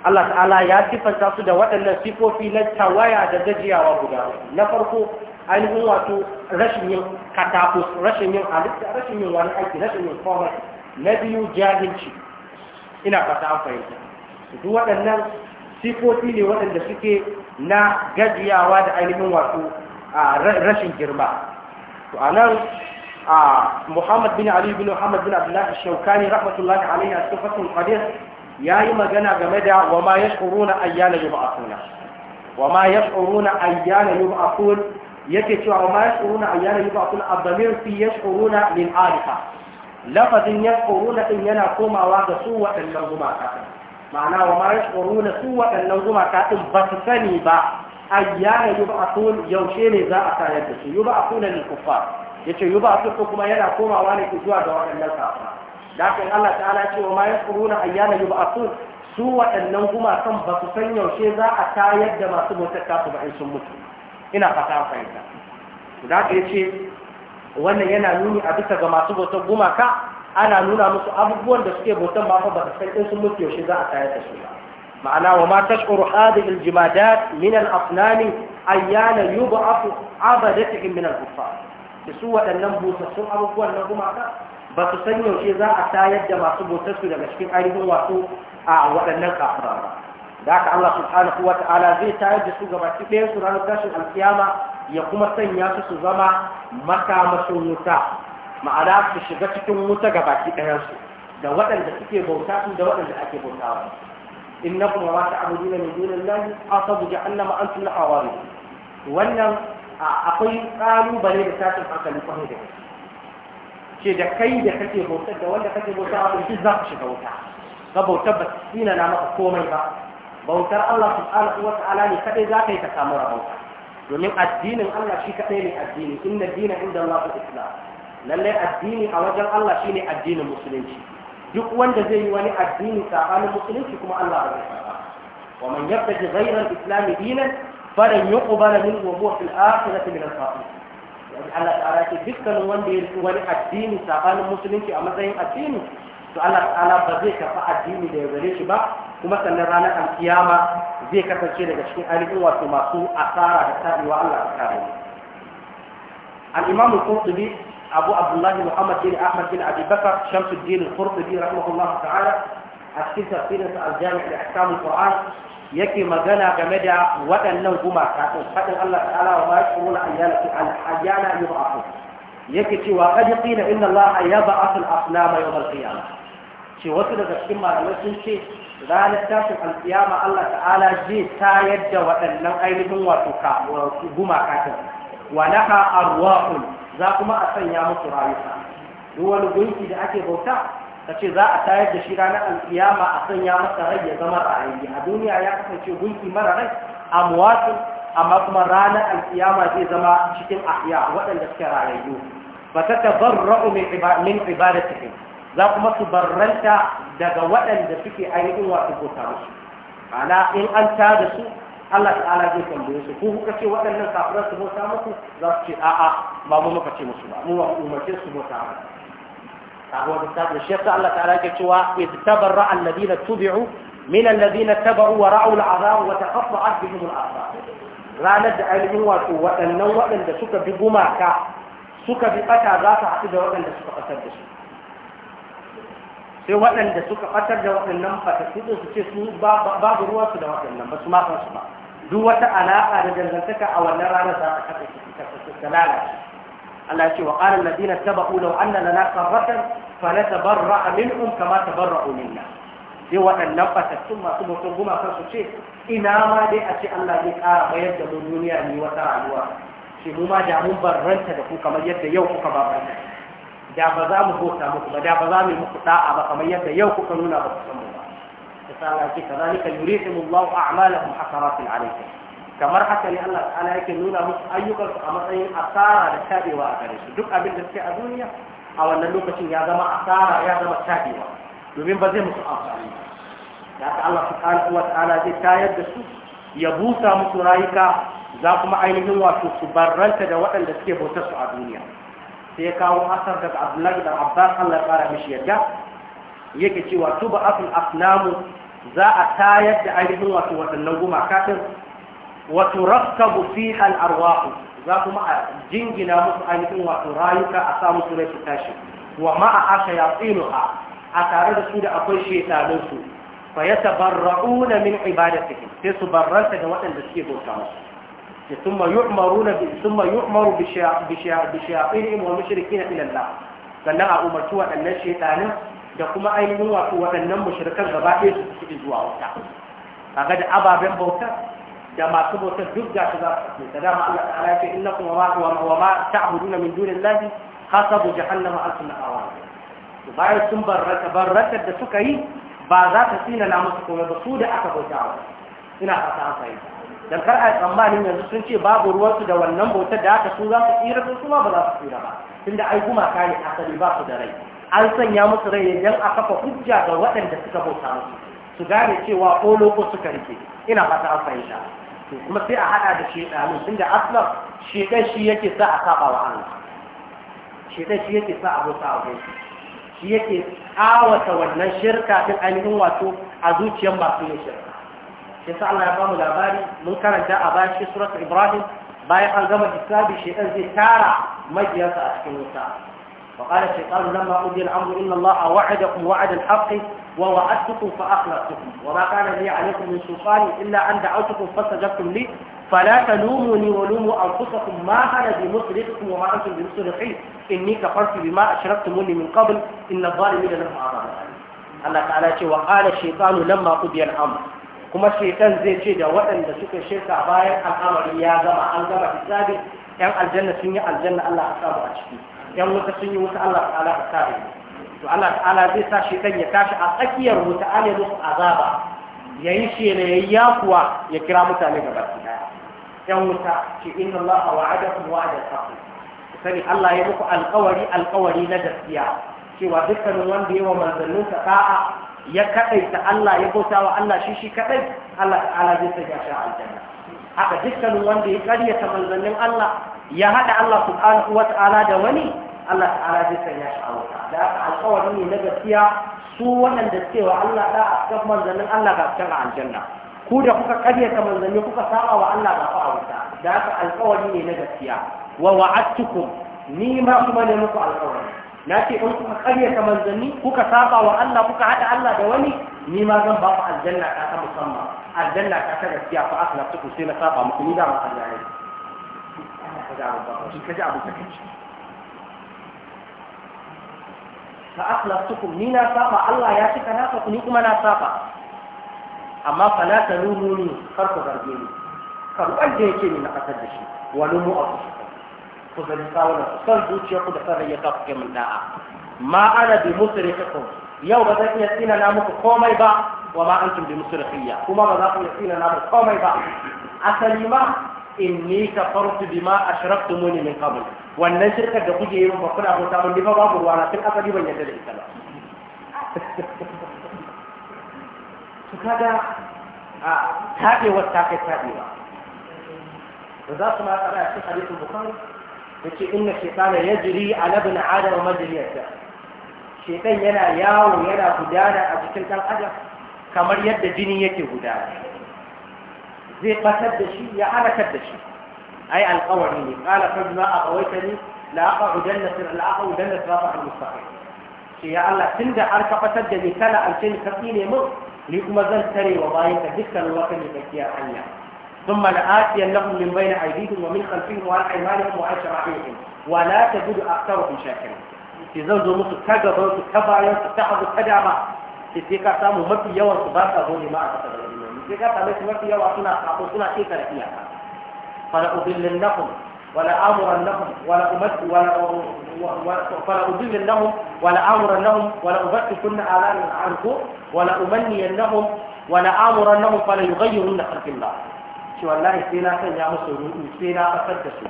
Allah ta'ala ya siffanta su da waɗannan sifofi na tawaya da gajiyawa guda na farko ainihin wato rashin yin katakus rashin yin halitta rashin yin wani aiki rashin yin komai na biyu jahilci ina fata an fahimta duk waɗannan sifofi ne waɗanda suke na gajiyawa da ainihin wato rashin girma to a nan muhammad bin ali bin muhammad bin abdullahi shaukani rahmatullahi alaihi a cikin fasin qadir yayi magana game da wa ma ya ayyana yub'athuna ba'afuna wa ma ya ayyana yi yake cewa wa ma ya ayyana yi abdamir fi yashuruna min alika lafazin yashuruna shuruna din yana komawa ga su waɗannan gumaka ma'ana wa ma ya su waɗannan gumaka din ba su sani ba ayyana yi ba'afun yaushe ne za a tayar da su yub'athuna lil kuffar yace yub'athu kuma yana komawa ne zuwa ga waɗannan kafara da Allah ta'ala ce wa ma yaskuruna ayyana yub'athun su waɗannan gumakan ba su san yaushe za a tayar da masu bautar tasu ba sun mutu ina fata fahimta da haka yace wannan yana nuni a bisa ga masu bautar gumaka ana nuna musu abubuwan da suke bautan ba ba su san in sun mutu yaushe za a tayar da su ba معناه وما تشعر هذه الجمادات من الأصنام أيان يبعث عبدتهم من الكفار بسوء النبوة abubuwan na gumaka. ba su san yaushe za a tayar da masu bautarsu daga cikin ainihin wasu a waɗannan kafira ba da haka Allah subhanahu wa ta'ala zai tayar da su gaba ki ɗayan su ranar tashin alkiyama ya kuma sanya su su zama makamashin wuta ma'ana su shiga cikin wuta gaba ki da waɗanda suke bauta su da waɗanda ake bautawa innakum wa ma ta'buduna min dunillahi asabu jahannama antum lahawarin wannan akwai ƙalubale da tashin hankali kwarai da ce da kai da kake bautar da wanda kake bauta a shi za ku shiga wuta ga bautar ba tsina na maka komai ba bautar Allah subhanahu wa ta'ala ne kadai za ka yi ka samu rabauta domin addinin Allah shi kadai ne addini inna dina inda Allah isla. lallai addini a wajen Allah shine addinin musulunci duk wanda zai yi wani addini sabanin musulunci kuma Allah ba zai saba wa man yabtaji ghayra al-islam dinan falan yuqbala minhu wa huwa fil akhirati min al-khasirin Allah ala ce dukkanin wanda ya rufu wani addini sabanin musulunci a matsayin addini to Allah ta'ala ba zai karɓi addini da ya gare shi ba kuma sannan ranar alkiyama zai kasance daga cikin ainihin wato masu asara da tabewa Allah ta kare al imamu Abu Abdullah Muhammad bin Ahmad bin Abi Bakar Shamsuddin al-Qurtubi rahimahullah ta'ala a cikin tafsirinsa al-Jami' al-Ahkam al-Qur'an yake magana game da waɗannan gumaka ɗin faɗin Allah ta'ala wa mashi nuna ayyana yi yake cewa kaji ƙina inna Allah ya ba asul aslama yau mal qiyama ce wasu daga cikin malamai sun ce ranar tashin alƙiyama Allah ta'ala zai tayar da waɗannan ainihin wato gumaka ɗin wa laha arwahun za kuma a sanya musu rayuka duk wani gunki da ake bauta ka ce za a tayar da shi ranar alkiyama a ya masa rai ya zama rayayye a duniya ya kasance gunki mara rai a muwatin amma kuma ranar alkiyama zai zama cikin ahya waɗanda suke rayayyu ba ta min ibadatihim za kuma su barranta daga waɗanda suke ainihin wasu bauta musu ana in an ta da su Allah ta'ala zai tambaye su ko kuka ce waɗannan kafiran su bauta musu za su ce a'a ba mu muka ce musu ba mu umarce su bauta musu sabuwar littafin shi yasa Allah ta'ala yake cewa idh tabarra alladhina tubi'u min alladhina tabaru wa ra'u al'azab wa taqatta'at bihim al'asbab ranar da ainihin wato waɗannan waɗanda suka bi gumaka suka bi ɓata za su haɗu da waɗanda suka ɓatar da su sai waɗanda suka ɓatar da waɗannan fatattu su ce su babu ruwa su da waɗannan ba su ma su ba duk wata alaƙa da dangantaka a wannan ranar za ta kaɗa su ta lalace Allah ya ce wa qala alladhina tabaqu law anna lana qarratan fanatabarra minhum kama tabarra'u minna sai waɗannan fatattun masu bautar gumaka su ce ina ma dai a ce Allah zai ƙara mayar da mu duniya ne wata rayuwa ce mu ma da mun barranta da ku kamar yadda yau kuka barranta da ba za mu bauta muku ba da ba za mu muku da'a ba kamar yadda yau kuka nuna ba ku san mu ba ta sa Allah ce kazalika yurihimullahu a'malahum hasaratin alaykum kamar haka ne Allah ta'ala yake nuna musu ayyukansu a matsayin asara da tabewa a gare su duk abin da suke a duniya a wannan lokacin ya zama asara ya zama tabewa domin ba zai musu amfani da haka Allah subhanahu wa ta'ala zai tayar da su ya busa musu rayuka za kuma ainihin wato su barranta da waɗanda suke bautar su a duniya sai ya kawo asar daga Abdullahi da Abbas Allah ya fara mishi yadda yake cewa tuba afil afnamu za a tayar da ainihin wato waɗannan gumaka din wato rakkabu fiha al-arwah za kuma a jingina musu ainihin wato rayuka a samu musu rai tashi wa ma'a aka yatsinuha a tare da su da akwai shaytanin su fa yatabarra'una min ibadatihi sai su barranta da waɗanda suke bauta musu thumma yu'maruna bi thumma yu'maru bi shayatin wa mushrikina ila Allah sannan a umarci waɗannan shaytanin da kuma ainihin wato waɗannan mushrikan gaba ɗaya su zuwa wuta kaga da ababen bauta da masu bautar duk ga su za su ake ta dama Allah ta'ala yake innakum wa ma wa ma na min dunillahi hasabu jahannama na awa bayan sun barraka barrakar da suka yi ba za ta tsina na musu komai ba su da aka bauta wa ina fata an sayi dan kar a tsammanin yanzu sun ce babu ruwansu da wannan bautar da aka su za su tsira su kuma ba za su tsira ba tunda ai gumaka ne asali ba su da rai an sanya musu rai idan a kafa hujja ga waɗanda suka bauta musu su gane cewa ko loko suka rike ina fata an fahimta to kuma sai a hada da shedanu tunda aslan shedan shi yake sa a saba wa Allah shedan shi yake sa a bauta a gaisa shi yake awata wannan shirka din ainihin wato a zuciyar masu yin shirka shi sa Allah ya bamu labari mun karanta a bayan shi suratul ibrahim bayan an gama hisabi shedan zai tara majiyansa a cikin wuta وقال الشيطان لما قضي الامر ان الله وعدكم وعد الحق ووعدتكم فاخلفتكم وما كان لي عليكم من سلطان الا ان دعوتكم فاستجبتم لي فلا تلوموني ولوموا انفسكم ما انا بمصرخكم وما انتم بمصرخي اني كفرت بما اشركتموني من قبل ان الظالمين لهم عذاب الله تعالى وقال الشيطان لما قضي الامر kuma shekan zai ce da waɗanda suka shirka bayan al'amari ya gama an gama hisabi yan aljanna sun yi aljanna Allah ya samu a ciki yan wuta sun yi wuta Allah ta'ala ka kare to Allah ta'ala zai sa shi ya tashi a tsakiyar wuta an musu azaba yayin shi ne yayi yakuwa ya kira mutane gaba ɗaya yan wuta ce inna Allah wa'adakum wa'adal haqq sani Allah ya muku alƙawari alƙawari na gaskiya cewa dukkanin wanda ya wa manzannin sa da'a ya kadaita Allah ya bauta wa Allah shi shi kadai Allah ta'ala zai sanya shi aljanna haka dukkanin wanda ya karyata manzannin Allah ya haɗa Allah subhanahu wa ta'ala da wani Allah ta'ala zai sanya shi a wuta da aka alƙawari ne na gaskiya su waɗanda suke wa Allah da a cikin manzannin Allah ga cikin aljanna ku da kuka karyata manzanni kuka saba wa Allah ga fa a wuta da aka alƙawari ne na gaskiya wa wa'adtukum ni ma kuma ne muku alƙawari na ce in kuka karyata manzanni kuka saba wa Allah kuka haɗa Allah da wani ni ma zan ba ku aljanna ta ta musamman aljanna ta ta gaskiya fa asla ta sai na saba muku ni da ma Allah ya yi kaji abu ta kaci fa asla tukum ni na saba Allah ya cika na ku ni kuma na saba amma fa la talumuni kar ku zarge ni karɓar da yake ne na ƙasar da shi wani mu a kusa ku zari kawo da son zuciya ku da sarrafa ya kafa kuke mun da'a ma ana bi musu rikakunsu يوم ذاك يسينا نامك قومي با وما أنتم بمصرخية وما ذاك يسينا نامك قومي با أسلم إني كفرت بما أشربتموني من قبل والنشر كدقوجي يوم بقر أبو تابن لفا بابر وانا تلقى قديما يدري إسلام سكادا تاكي والتاكي تاكي با وذاك ما أرى في حديث البخاري إن الشيطان يجري على ابن عادم ومجري يتاكي shedan yana yawo yana gudana a cikin ɗan adam kamar yadda jini yake gudana zai fatar da shi ya halakar da shi ai alƙawari ne qala fa bima aqawtani la aqudanna sir la aqudanna sirata al-mustaqim shi ya Allah tun da an fatar da ni kana alƙin ka ne mun ni kuma zan tare wa bayan ka dukkan wata ne kakkiya hanya ثم لآتينهم من بين أيديهم ومن خلفهم وعن Wa وعن ta gudu a أكثرهم شاكرين sai zan zo musu ta gaban su ta bayan su ta abu ta dama sai sai ka samu mafi yawan su ba sa gode ma a kasar da imani sai ka same su mafi yawa suna sako suna shekara iyaka fala ubillin nahum wala amuran nahum wala umat wala fala ubillin nahum wala amuran nahum wala ubatti kunna ala arko wala umanniyan nahum wala amuran nahum fala yughayyirunna ba, shi wallahi sai na sanya musu ruɗu sai na fasar da su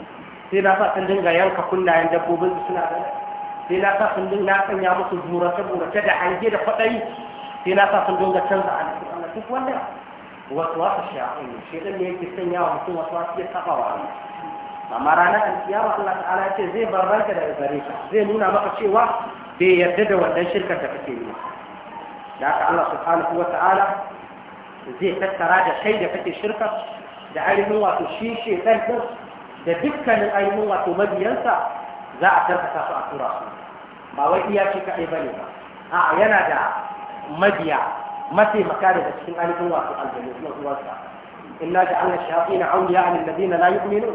sai na sa kan dinga yanka kunnayen dabbobin suna ganin sai na sa sun dinga sanya musu burace burace da hange da kwaɗayi sai na sa sun dinga canza alƙur'ani duk wannan wasu wasu sha'ani shedan ne yake sanya wa mutum wasu wasu ya saba wa Allah amma ranar alkiyama Allah ta'ala ya ce zai bar ranka daga gare ka zai nuna maka cewa bai yarda da wannan shirkar da kake yi da haka Allah subhanahu wa ta'ala zai tattara da kai da kake shirkar da ainihin wato shi shedan din da dukkanin ainihin wato mabiyansa za a karkata su a tura su ba wai iya ce kaɗai ba ne ba a yana da mabiya mafi da cikin alifin wasu aljanu kuma uwarsa inna ga Allah shafi na auni ya alin ladina la yu'minu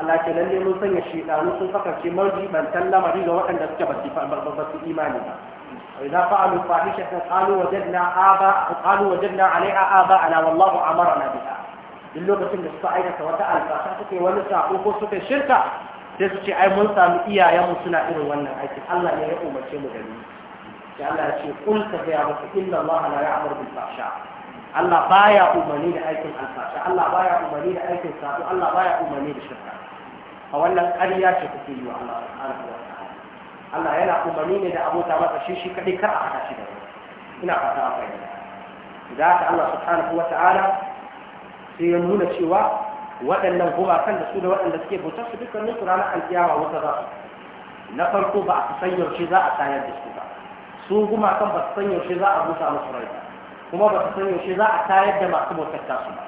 Allah ce lalle mun sanya shedanu sun saka ce marji ban lamari ga waɗanda suke ba su imani ba idan fa'alu fahisha ta qalu wajadna aba qalu wajadna alaiha aba na wallahu amarna biha duk lokacin da suka aikata wata alfasa suke wani sako ko suka shirka sai su ce ai mun samu iyayenmu suna irin wannan aikin Allah ne ya umarce mu da ni sai Allah ya ce kul ka ga maka inna Allah la ya'muru bil fahsha Allah baya umarni da aikin alfasha Allah baya umarni da aikin sabo Allah baya umarni da shirka a wannan ƙarya ce kuke yi wa Allah subhanahu wa ta'ala Allah yana umarni ne da abota masa shi shi kadai kar a haka shi da ina fata a fahimta da haka Allah subhanahu wa ta'ala sai ya nuna cewa waɗannan gumakan da su da waɗanda suke bautar su dukkanin su ranar alkiyama wata za su na farko ba a san yaushe za a tayar da su ba su gumakan ba su san yaushe za a busa musu rai ba kuma ba su san yaushe za a tayar da masu bautar su. ba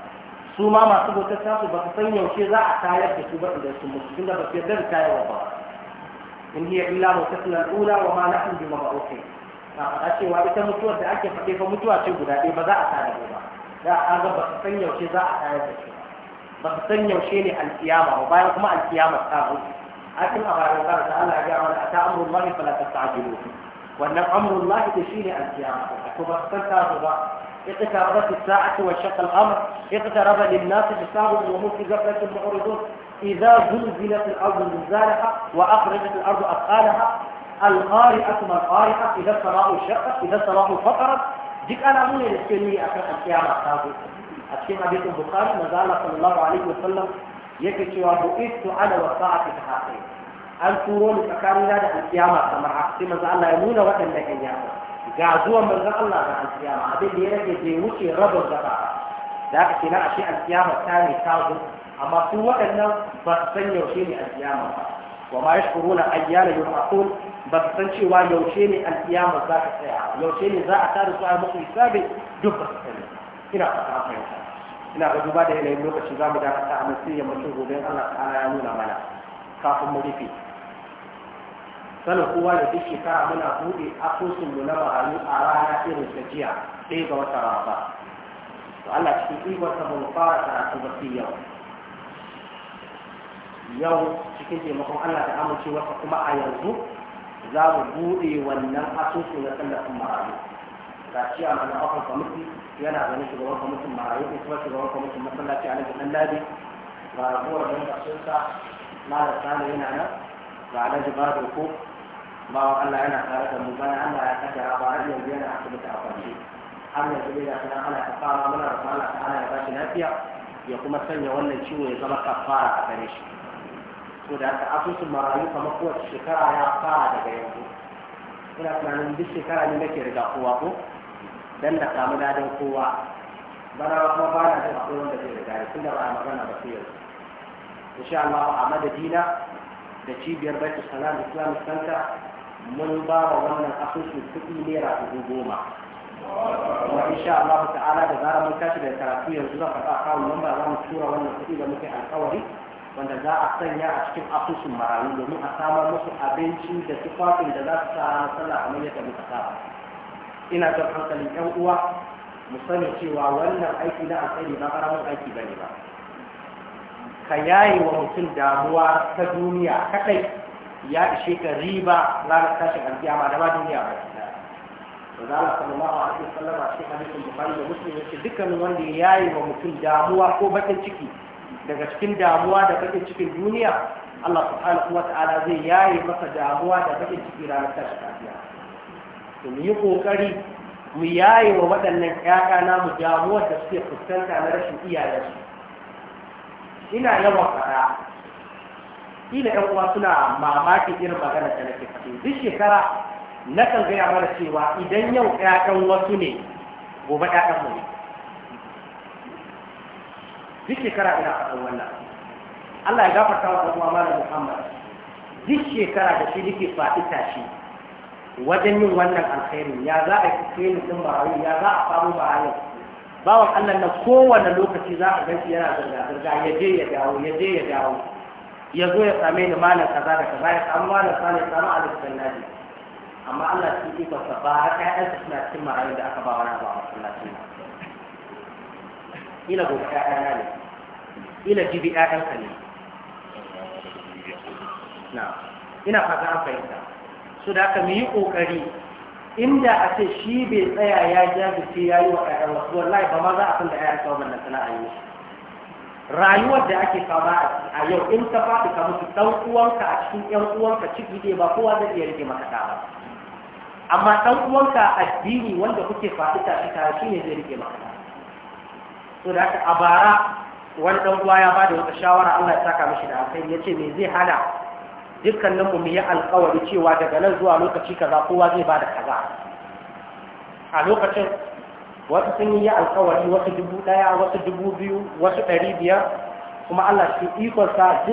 su ma masu bautar su ba su san yaushe za a tayar da su ba idan sun mutu tunda ba su yarda da tayarwa ba in hiya illa mautatuna ula wa ma nahnu bi mab'uthin a faɗa cewa ita mutuwar da ake faɗe fa mutuwa ce guda ɗaya ba za a tayar da ba da a ga ba su san yaushe za a tayar da su ba san yaushe ne alkiyama ba bayan kuma alkiyama ta zo akin a bayan kar da Allah ya wani ata amrul lahi fala tastajilu wannan amrul lahi da shine alkiyama to ba san ta zo ba اقتربت الساعة وانشق الأمر اقترب للناس حسابهم وهم في غفلة معرضون إذا زلزلت الأرض زلزالها وأخرجت الأرض أثقالها القارئة ما القارئة إذا السماء شقت إذا السماء فطرت ديك أنا مو اللي أكثر القيامة أتكي حديث البخاري نزال صلى الله عليه وسلم يكتوى بؤست على وفاعة تحاقين أن تقول فكان لا دعن سيامة سمر عقسي مزال الله يمون وكن لكن يامة جعزوا من ذا الله دعن سيامة هذه اللي يرجي في وشي رب الزراعة ذاك سناء شيء السيامة الثاني كاظر أما سوى أن بسني وشيني السيامة وما يشكرون أيانا يرعقون بسنشي ويوشيني القيامة ذاك السيامة يوشيني ذا أتارس وعلى مخي السابق جبت السيامة هنا فتعطي الله ina ga duba da yanayin lokaci za mu dakata a matsayin yammacin gobe Allah ta'ala ya nuna mana kafin mu rufe sanin kowa da duk shekara muna buɗe asusun mu na marayu a rana irin ta jiya ɗaya ga wata rafa to Allah cikin ikon ba mu fara karatu ba sai yau yau cikin taimakon Allah da amincewarsa kuma a yanzu za mu buɗe wannan asusu na tallafin marayu ga ciyar mana ofin kwamiti yana zane shugaban kwamitin marayu ko kuma shugaban kwamitin masallaci a nan ladi ga ragowar don ƙarshensa da sani yana nan ga alhaji da ko wa allah yana tare da mu bayan allah ya kaddara ba har yanzu yana asibiti a kwance har yanzu dai gashi nan ana ta fama muna da allah ta ana ya ba shi lafiya ya kuma sanya wannan ciwo ya zama kafara a gare shi to da haka asusun marayu kamar kowace shekara ya fara daga yanzu ina tunanin duk shekara ne nake riga kowa ko dan da samu dadin kowa bara kuma ba na jin akwai wanda zai gari tun da ba a magana ba fiye yanzu insha Allah a madadina da cibiyar baitul salam islamic center mun ba wa wannan asusun kuɗi naira dubu goma wa insha Allah ta'ala da zarar mun tashi da karatu yanzu ka faɗa kawo mun ba za mu tura wannan kuɗi da muke alƙawari, wanda za a sanya a cikin asusun marayu domin a samar musu abinci da tufafin da za su sa sallah kamar yadda muka saba ina jan hankalin yan uwa mu sani cewa wannan aiki na alkhairi ba karamin aiki bane ba ka yaye wa mutum damuwa ta duniya kadai ya ishe ka riba ranar tashin alkiyama da ma duniya ba da Allah sallallahu alaihi wasallam a cikin hadisin Bukhari da Muslim yace dukkanin wanda ya yaye wa mutum damuwa ko bakin ciki daga cikin damuwa da bakin cikin duniya Allah subhanahu wa ta'ala zai yaye masa damuwa da bakin ciki ranar tashin alkiyama to mu yi kokari mu yaye wa waɗannan ƴaƴa na mu damuwar da suke fuskanta na rashin iyayensu ina yawan fara ina ƴan uwa suna mamakin irin magana da nake faɗi duk shekara kan gaya mana cewa idan yau ƴaƙan wasu ne gobe ƴaƙan mu ne duk shekara ina faɗin wannan Allah ya gafarta wa ɗan uwa Muhammad duk shekara da shi nake faɗi tashi wajen yin wannan alkhairin ya za a kike ni din barayi ya za a samu barayi bawan Allah na kowane lokaci za a ganci yana zanga-zanga, ya je ya dawo ya je ya dawo ya zo ya same ni malam kaza da kaza ya samu malam sani ya samu alif jannati amma Allah shi ke kwasa ba har ƴaƴansa suna cikin marayu da aka ba wani abu a masallaci ila gobe ƴaƴana ne ila jibi ƴaƴanka ne na ina fata an fahimta su da aka yi ƙoƙari inda a ce shi bai tsaya ya jajirce ya yi wa ƴaƴan wasu wallahi ba ma za a san da ƴaƴan kawo wannan sana'a yi rayuwar da ake fama a yau in ka faɗi ka mutu ɗan uwanka a cikin ƴan uwanka ciki ne ba kowa zai iya rike maka ba amma ɗan uwanka addini wanda kuke faɗi tashi tare shi ne zai rike maka ɗa so da haka a bara wani ɗan uwa ya ba da wata shawara Allah ya saka mishi da alkhairi ya ce me zai hana dukkanin mu yi alkawari cewa daga nan zuwa lokaci kaza kowa zai bada kaza a lokacin wasu sun yi alkawari wasu dubu ɗaya wasu dubu biyu wasu dari biyar kuma Allah shi ikonsa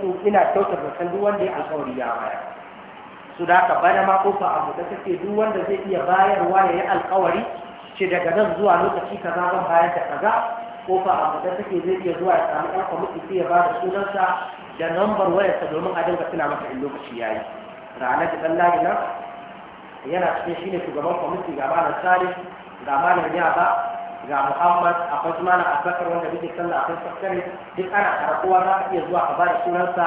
su ina kyautar da san duk wanda ya alkawari ya bayar su da ka bada ma kofa abu da take duk wanda zai iya bayarwa ya yi alkawari ce daga nan zuwa lokaci kaza zan bayar da kaza kofa abu da take zai iya zuwa ya samu ɗan kwamiti sai ya ba da sunansa da lambar wayarsa domin a dinga tuna masa in lokaci ya yi ranar da ɗan nan yana cikin shi ne shugaban kwamiti ga malam salih ga malam yaba ga muhammad akwai kuma na asakar wanda muke sallah akwai sakare duk ana karakowa za ka iya zuwa ka bada sunansa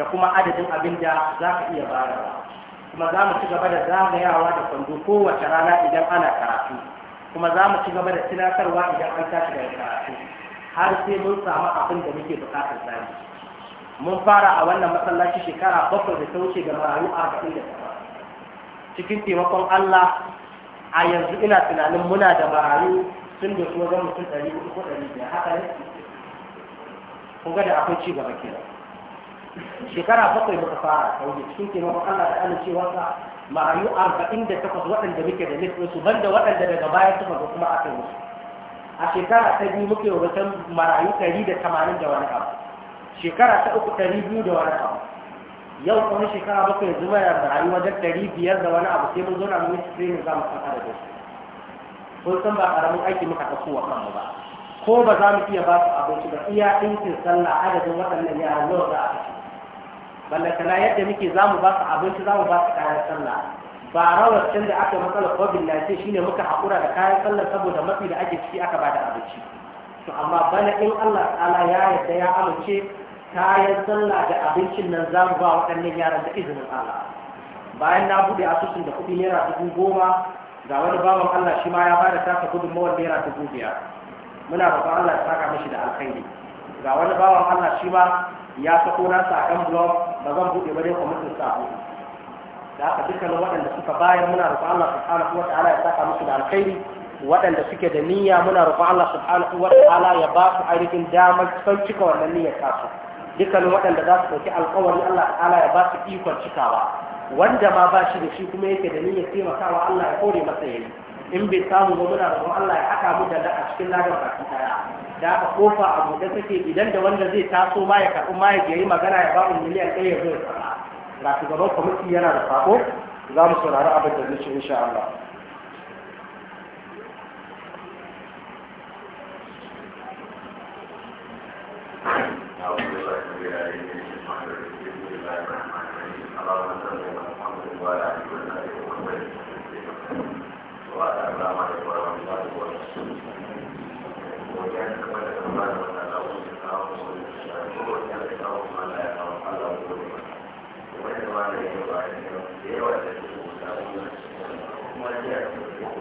da kuma adadin abin da za ka iya bayarwa kuma za mu ci gaba da zagayawa da kwando kowace rana idan ana karatu kuma za mu ci gaba da tunatarwa idan an tashi daga karatu har sai mun samu abin da muke bukatar zai mun fara a wannan masallaci shekara bakwai da ta wuce ga marayu arba'in da cikin taimakon Allah a yanzu ina tunanin muna da marayu sun da su wajen mutum ɗari uku ko ɗari biyar haka ne kun ga da akwai ci gaba kenan shekara bakwai muka fara ta wuce cikin taimakon Allah da amincewarsa marayu arba'in da takwas waɗanda muke da nufin su banda waɗanda daga baya suka ga kuma aka yi musu a shekara ta biyu muke wajen marayu ɗari da tamanin da wani abu shekara ta uku ɗari biyu da wani abu yau kuma shekara bakwai zuwa da rayu wajen ɗari biyar da wani abu sai mun zo na mun training za mu san da su kun san ba ƙaramin aiki muka ta wa kanmu ba ko ba za mu iya ba su abinci ba iya ɗinkin sallah adadin waɗannan yaran nawa za a kashe kana yadda muke za mu ba su abinci za mu ba su kayan sallah ba rawar can da aka matsalar covid 19 shine muka haƙura da kayan sallah saboda matsi da ake ciki aka ba da abinci to amma bana in Allah ta'ala ya yarda ya amince kayan sallah da abincin nan za mu ba waɗannan yaran da izinin Allah bayan na buɗe asusun da kuɗi naira dubu goma ga wani bawan Allah shi ma ya ba da taka gudunmawar naira dubu biyar muna roƙon Allah ya saka mashi da alkhairi ga wani bawan Allah shi ma ya sako nasa a kan blog ba zan buɗe ba dai kwamitin sa da haka dukkanin waɗanda suka bayar muna roƙon Allah subhanahu wa ta'ala ya saka musu da alkhairi waɗanda suke da niyya muna roƙon Allah subhanahu wa ta'ala ya ba su ainihin damar cika wannan niyyar tasu dukkanin waɗanda za su ɗauki alƙawari Allah ta'ala ya ba su ikon cikawa wanda ma ba shi da shi kuma yake da niyyar taimakawa Allah ya kore masa yayi in bai samu ba muna da Allah ya haɗa mu da a cikin ladan baki daya da aka kofa a buɗe take idan da wanda zai taso ma ya karɓi ma ya yi magana ya ba mu miliyan ɗaya ya zo ya sana'a ga shugaban kwamiti yana da sako za mu saurari abin da zai ci insha Allah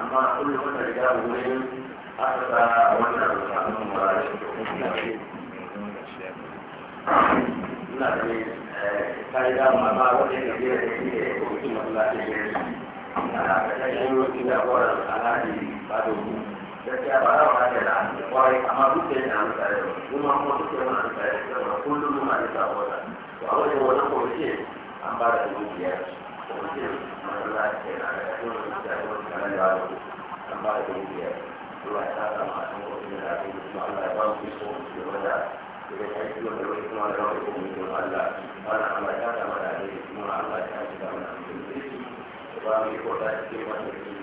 amma kullum wata riga wurin aka sa wannan rufanun murari ina da ne ta yi dama ba wani da biyar da ke da kuma masu lafiya ne na kasashen yau ina kwarar alhaji ba da gaskiya ba za mu kaje da an kwarai amma duk da yana amsa da kuma kuma duk da yana amsa da kuma kullum muna da sabota to a wajen wannan kwamitin an ba da dubu biyar kwamitin manzala ke na da kuma da kuma kalan da wani an ba da dubu biyar zuwa ta sama a cikin kwamitin da Allah ya ba mu kiso da wanda da ya yi mana cikin kirki ba mu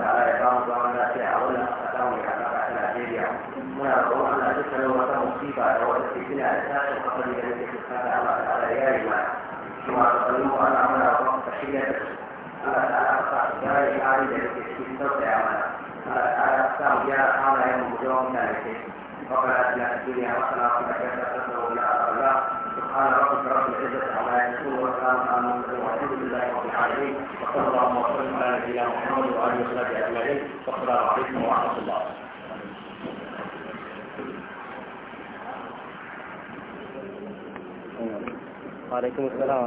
أنا أقول أنا أتكلم لو أتى مصيبة أو أتى فتنة أساسا فقد لم يكن هذا على على يارما كما تقدمه أنا عمل أرواح تحية الله تعالى أقطع الجاري العالي في صوت أعمال الله أقطع جارة حول يوم مجرم ثالثة وقال أتنا الدنيا وصل وقد كانت تصل إلى الله سبحان ربك رب العزة عما يصفون وسلام على المرسلين والحمد لله رب العالمين وصلى الله وسلم على نبينا محمد وعلى اله وصحبه أجمعين والسلام عليكم ورحمة الله வலைக்கும்